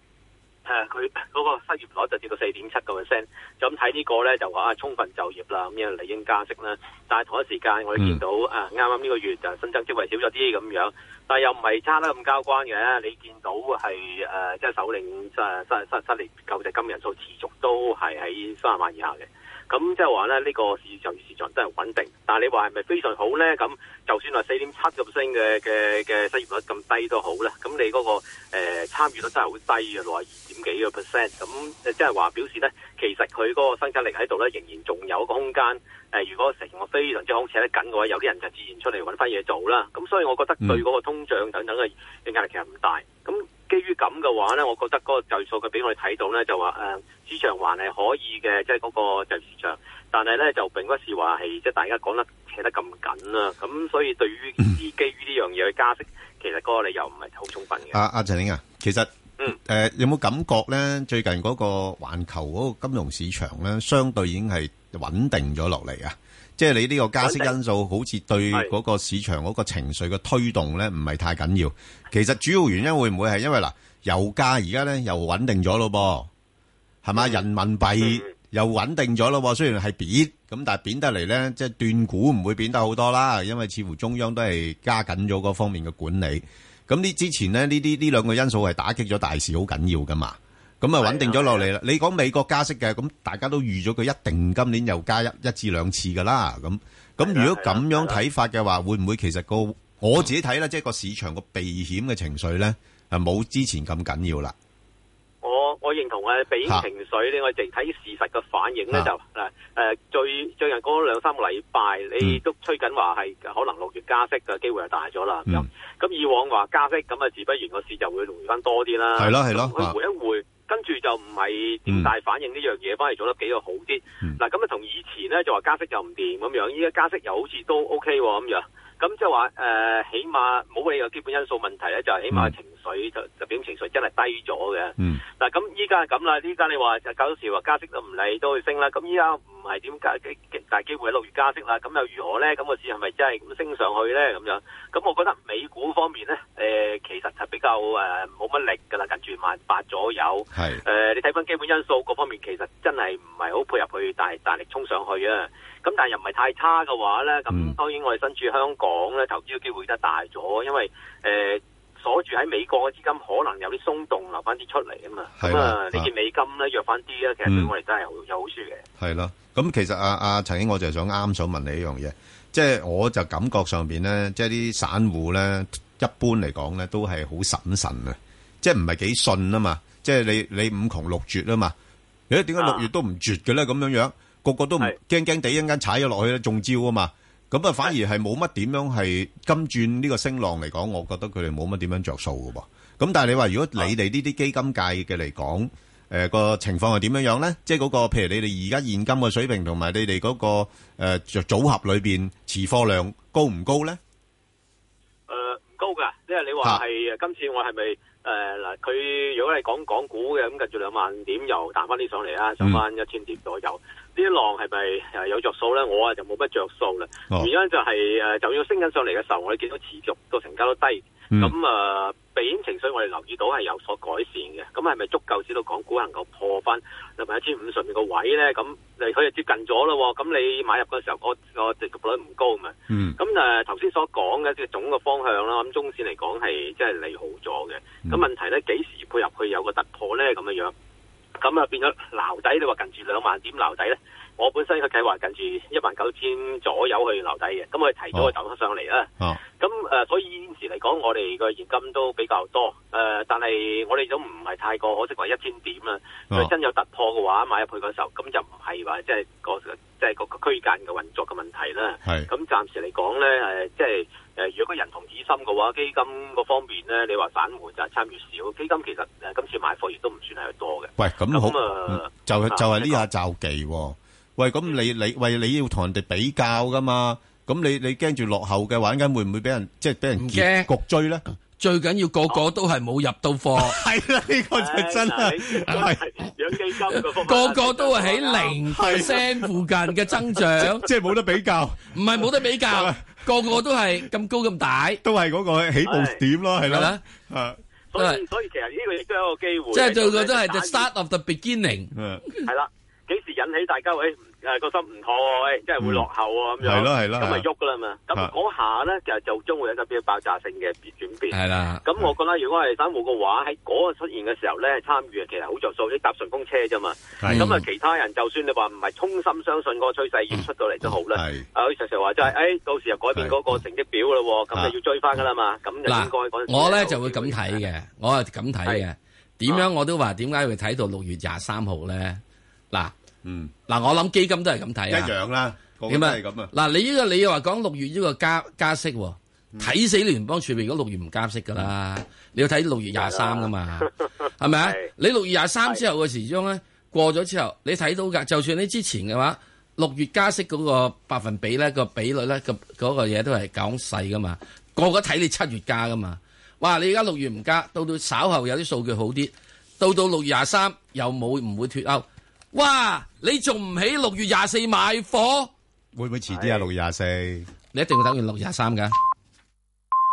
誒、啊，佢嗰個失業率就跌到四點七個 percent，咁睇呢個咧就話啊，充分就業啦，咁樣應，理應加息啦。但係同一時間我哋見到誒，啱啱呢個月就、啊、新增職位少咗啲咁樣，但係又唔係差得咁交關嘅。你見到係誒、啊，即係首領誒，失首失業救濟金人數持續都係喺三萬以下嘅。咁即係話咧，呢、這個市場市場真係穩定。但係你話係咪非常好咧？咁就算話四點七個 percent 嘅嘅嘅失業率咁低都好啦。咁你嗰、那個誒參與率真係好低嘅話，二點幾個 percent。咁即係話表示咧，其實佢嗰個生產力喺度咧，仍然仲有一個空間。誒、呃，如果成個非常之好似得緊嘅話，有啲人就自然出嚟揾翻嘢做啦。咁所以我覺得對嗰個通脹等等嘅嘅壓力其實唔大。咁基於咁嘅話咧，我覺得嗰個就數據俾我哋睇到咧，就話誒。呃市場還係可以嘅，即係嗰個就市場，但係咧就並不是話係即係大家講得扯得咁緊啦。咁所以對於而基於呢樣嘢去加息，其實嗰個理由唔係好充分嘅。阿阿陳玲啊，其實嗯誒有冇感覺咧？最近嗰個環球嗰個金融市場咧，相對已經係穩定咗落嚟啊。即係你呢個加息因素好似對嗰個市場嗰個情緒嘅推動咧，唔係太緊要。其實主要原因會唔會係因為嗱油價而家咧又穩定咗咯噃？係嘛？人民幣又穩定咗咯，雖然係貶，咁但係貶得嚟呢，即係斷股唔會貶得好多啦。因為似乎中央都係加緊咗嗰方面嘅管理。咁呢之前咧呢啲呢兩個因素係打擊咗大市，好緊要噶嘛。咁啊穩定咗落嚟啦。啊啊、你講美國加息嘅，咁大家都預咗佢一定今年又加一一至兩次噶啦。咁咁如果咁樣睇法嘅話，會唔會其實個我自己睇呢？嗯、即係個市場個避險嘅情緒呢，係冇之前咁緊要啦。我我認同嘅，畀情緒咧，我淨睇事實嘅反應咧，啊、就嗱誒、呃，最最近講咗兩三個禮拜，你都吹緊話係可能六月加息嘅機會係大咗啦。咁咁、啊啊嗯、以往話加息咁啊，自不然個市就會回翻多啲啦。係咯係咯，佢回一回，跟住就唔係點大反應呢樣嘢，反嚟、嗯、做得比較好啲。嗱、嗯，咁啊，同以前咧就話加息就唔掂咁樣，依家加息又好似都 OK 咁樣。咁即係話誒，起碼冇理個基本因素問題咧，就係、是、起碼情緒就就表情緒真係低咗嘅。嗱、嗯，咁依家咁啦，依家你話舊時話加息都唔理都會升啦。咁依家唔係點大機會六月加息啦，咁又如何咧？咁、那個市係咪真係咁升上去咧？咁樣咁，我覺得美股方面咧，誒、呃，其實係比較誒冇乜力噶啦，近住萬八左右。係誒是、呃，你睇翻基本因素各方面，其實真係唔係好配合佢大大力衝上去啊。咁但係又唔係太差嘅話咧，咁當然我哋身處香港咧，投資嘅機會得大咗，因為誒鎖住喺美國嘅資金可能有啲鬆動，留翻啲出嚟啊嘛。係啦，你見美金咧弱翻啲咧，其實對我哋真係有有好處嘅。係啦，咁其實阿阿陳英，我就想啱想問你一樣嘢，即係我就感覺上邊咧，即係啲散戶咧，一般嚟講咧都係好審慎啊，即係唔係幾信啊嘛，即係你你五窮六絕啊嘛，誒點解六月都唔絕嘅咧咁樣樣？個個都唔驚驚地，一陣間踩咗落去咧，中招啊嘛！咁啊，反而係冇乜點樣係金鑽呢個升浪嚟講，我覺得佢哋冇乜點樣着數噶噃。咁但係你話，如果你哋呢啲基金界嘅嚟講，誒個情況係點樣樣咧？即係嗰個，譬如你哋而家現金嘅水平同埋你哋嗰個誒，就組合裏邊持貨量高唔高咧？誒，唔高噶，即係你話係今次我係咪？誒嗱，佢、呃、如果你講港股嘅咁，跟住兩萬點又彈翻啲上嚟啦，嗯、上翻一千點左右，是是呢一浪係咪係有着數咧？我啊就冇乜着數啦。原因、哦、就係、是、誒，就要升緊上嚟嘅時候，我哋見到持續個成交都低，咁啊、嗯。危險情緒我哋留意到係有所改善嘅，咁係咪足夠知道港股能夠破翻例如一千五上面個位咧？咁你佢就接近咗咯，咁你買入嗰時候個個比率唔高嘛？嗯，咁誒頭先所講嘅即係總嘅方向啦，咁、嗯、中線嚟講係即係利好咗嘅。咁問題咧，幾時配合佢有個突破咧？咁樣樣，咁啊變咗撈底，你話近住兩萬點撈底咧？我本身嘅計劃近住一萬九千左右去留底嘅，咁我哋提早去頭忽上嚟啦。咁誒、哦哦呃，所以現時嚟講，我哋嘅現金都比較多誒、呃，但係我哋都唔係太過可惜話一千點啦。如果真有突破嘅話，買入去嗰時候，咁就唔係話即係個即係個區間嘅運作嘅問題啦。咁是的 暫時嚟講咧，誒、呃、即係誒，如果個人同資深嘅話，基金個方面咧，你話反換就參與少。基金其實誒、呃、今次買貨亦都唔算係多嘅。喂，咁好啊，就係就係呢下就忌。就喂，咁你你喂你要同人哋比較㗎嘛？咁你你驚住落後嘅話會唔會俾人即係俾人局追咧？最緊要個個都係冇入到貨。係啦，呢個就真係係養基金個方。個個都係喺零 percent 附近嘅增長，即係冇得比較。唔係冇得比較，個個都係咁高咁大。都係嗰個起步點咯，係咯。係，所以其實呢個亦都係一個機會。即係最個都係 the start of the beginning。係啦，幾時引起大家會？誒，個心唔妥，即係會落後咁樣，係咯係咯，咁咪喐噶啦嘛。咁嗰下咧就就將會有一啲爆炸性嘅轉變。係啦。咁我覺得如果係散戶嘅話，喺嗰個出現嘅時候咧，參與其實好着數，你搭順風車啫嘛。係。咁啊，其他人就算你話唔係衷心相信個趨勢，如果出到嚟都好啦。係。阿 s i 成話就係，誒，到時又改變嗰個成績表啦，咁就要追翻噶啦嘛。咁就應該我咧就會咁睇嘅，我啊咁睇嘅。點樣我都話，點解會睇到六月廿三號咧？嗱。嗯，嗱，我諗基金都係咁睇一樣啦，點解係咁啊，嗱，你呢個你又話講六月呢個加加息喎，睇死聯邦儲備如果六月唔加息噶啦，你要睇六月廿三噶嘛，係咪啊？你六月廿三之後嘅時鐘咧，過咗之後你睇到噶，就算你之前嘅話六月加息嗰個百分比咧、個比率咧嗰，個嘢都係講細噶嘛，個個睇你七月加噶嘛，哇！你而家六月唔加，到到稍後有啲數據好啲，到到六月廿三又冇唔會脫歐，哇！你仲唔起六月廿四買貨，會唔會遲啲啊？六月廿四，你一定會等完六月廿三噶。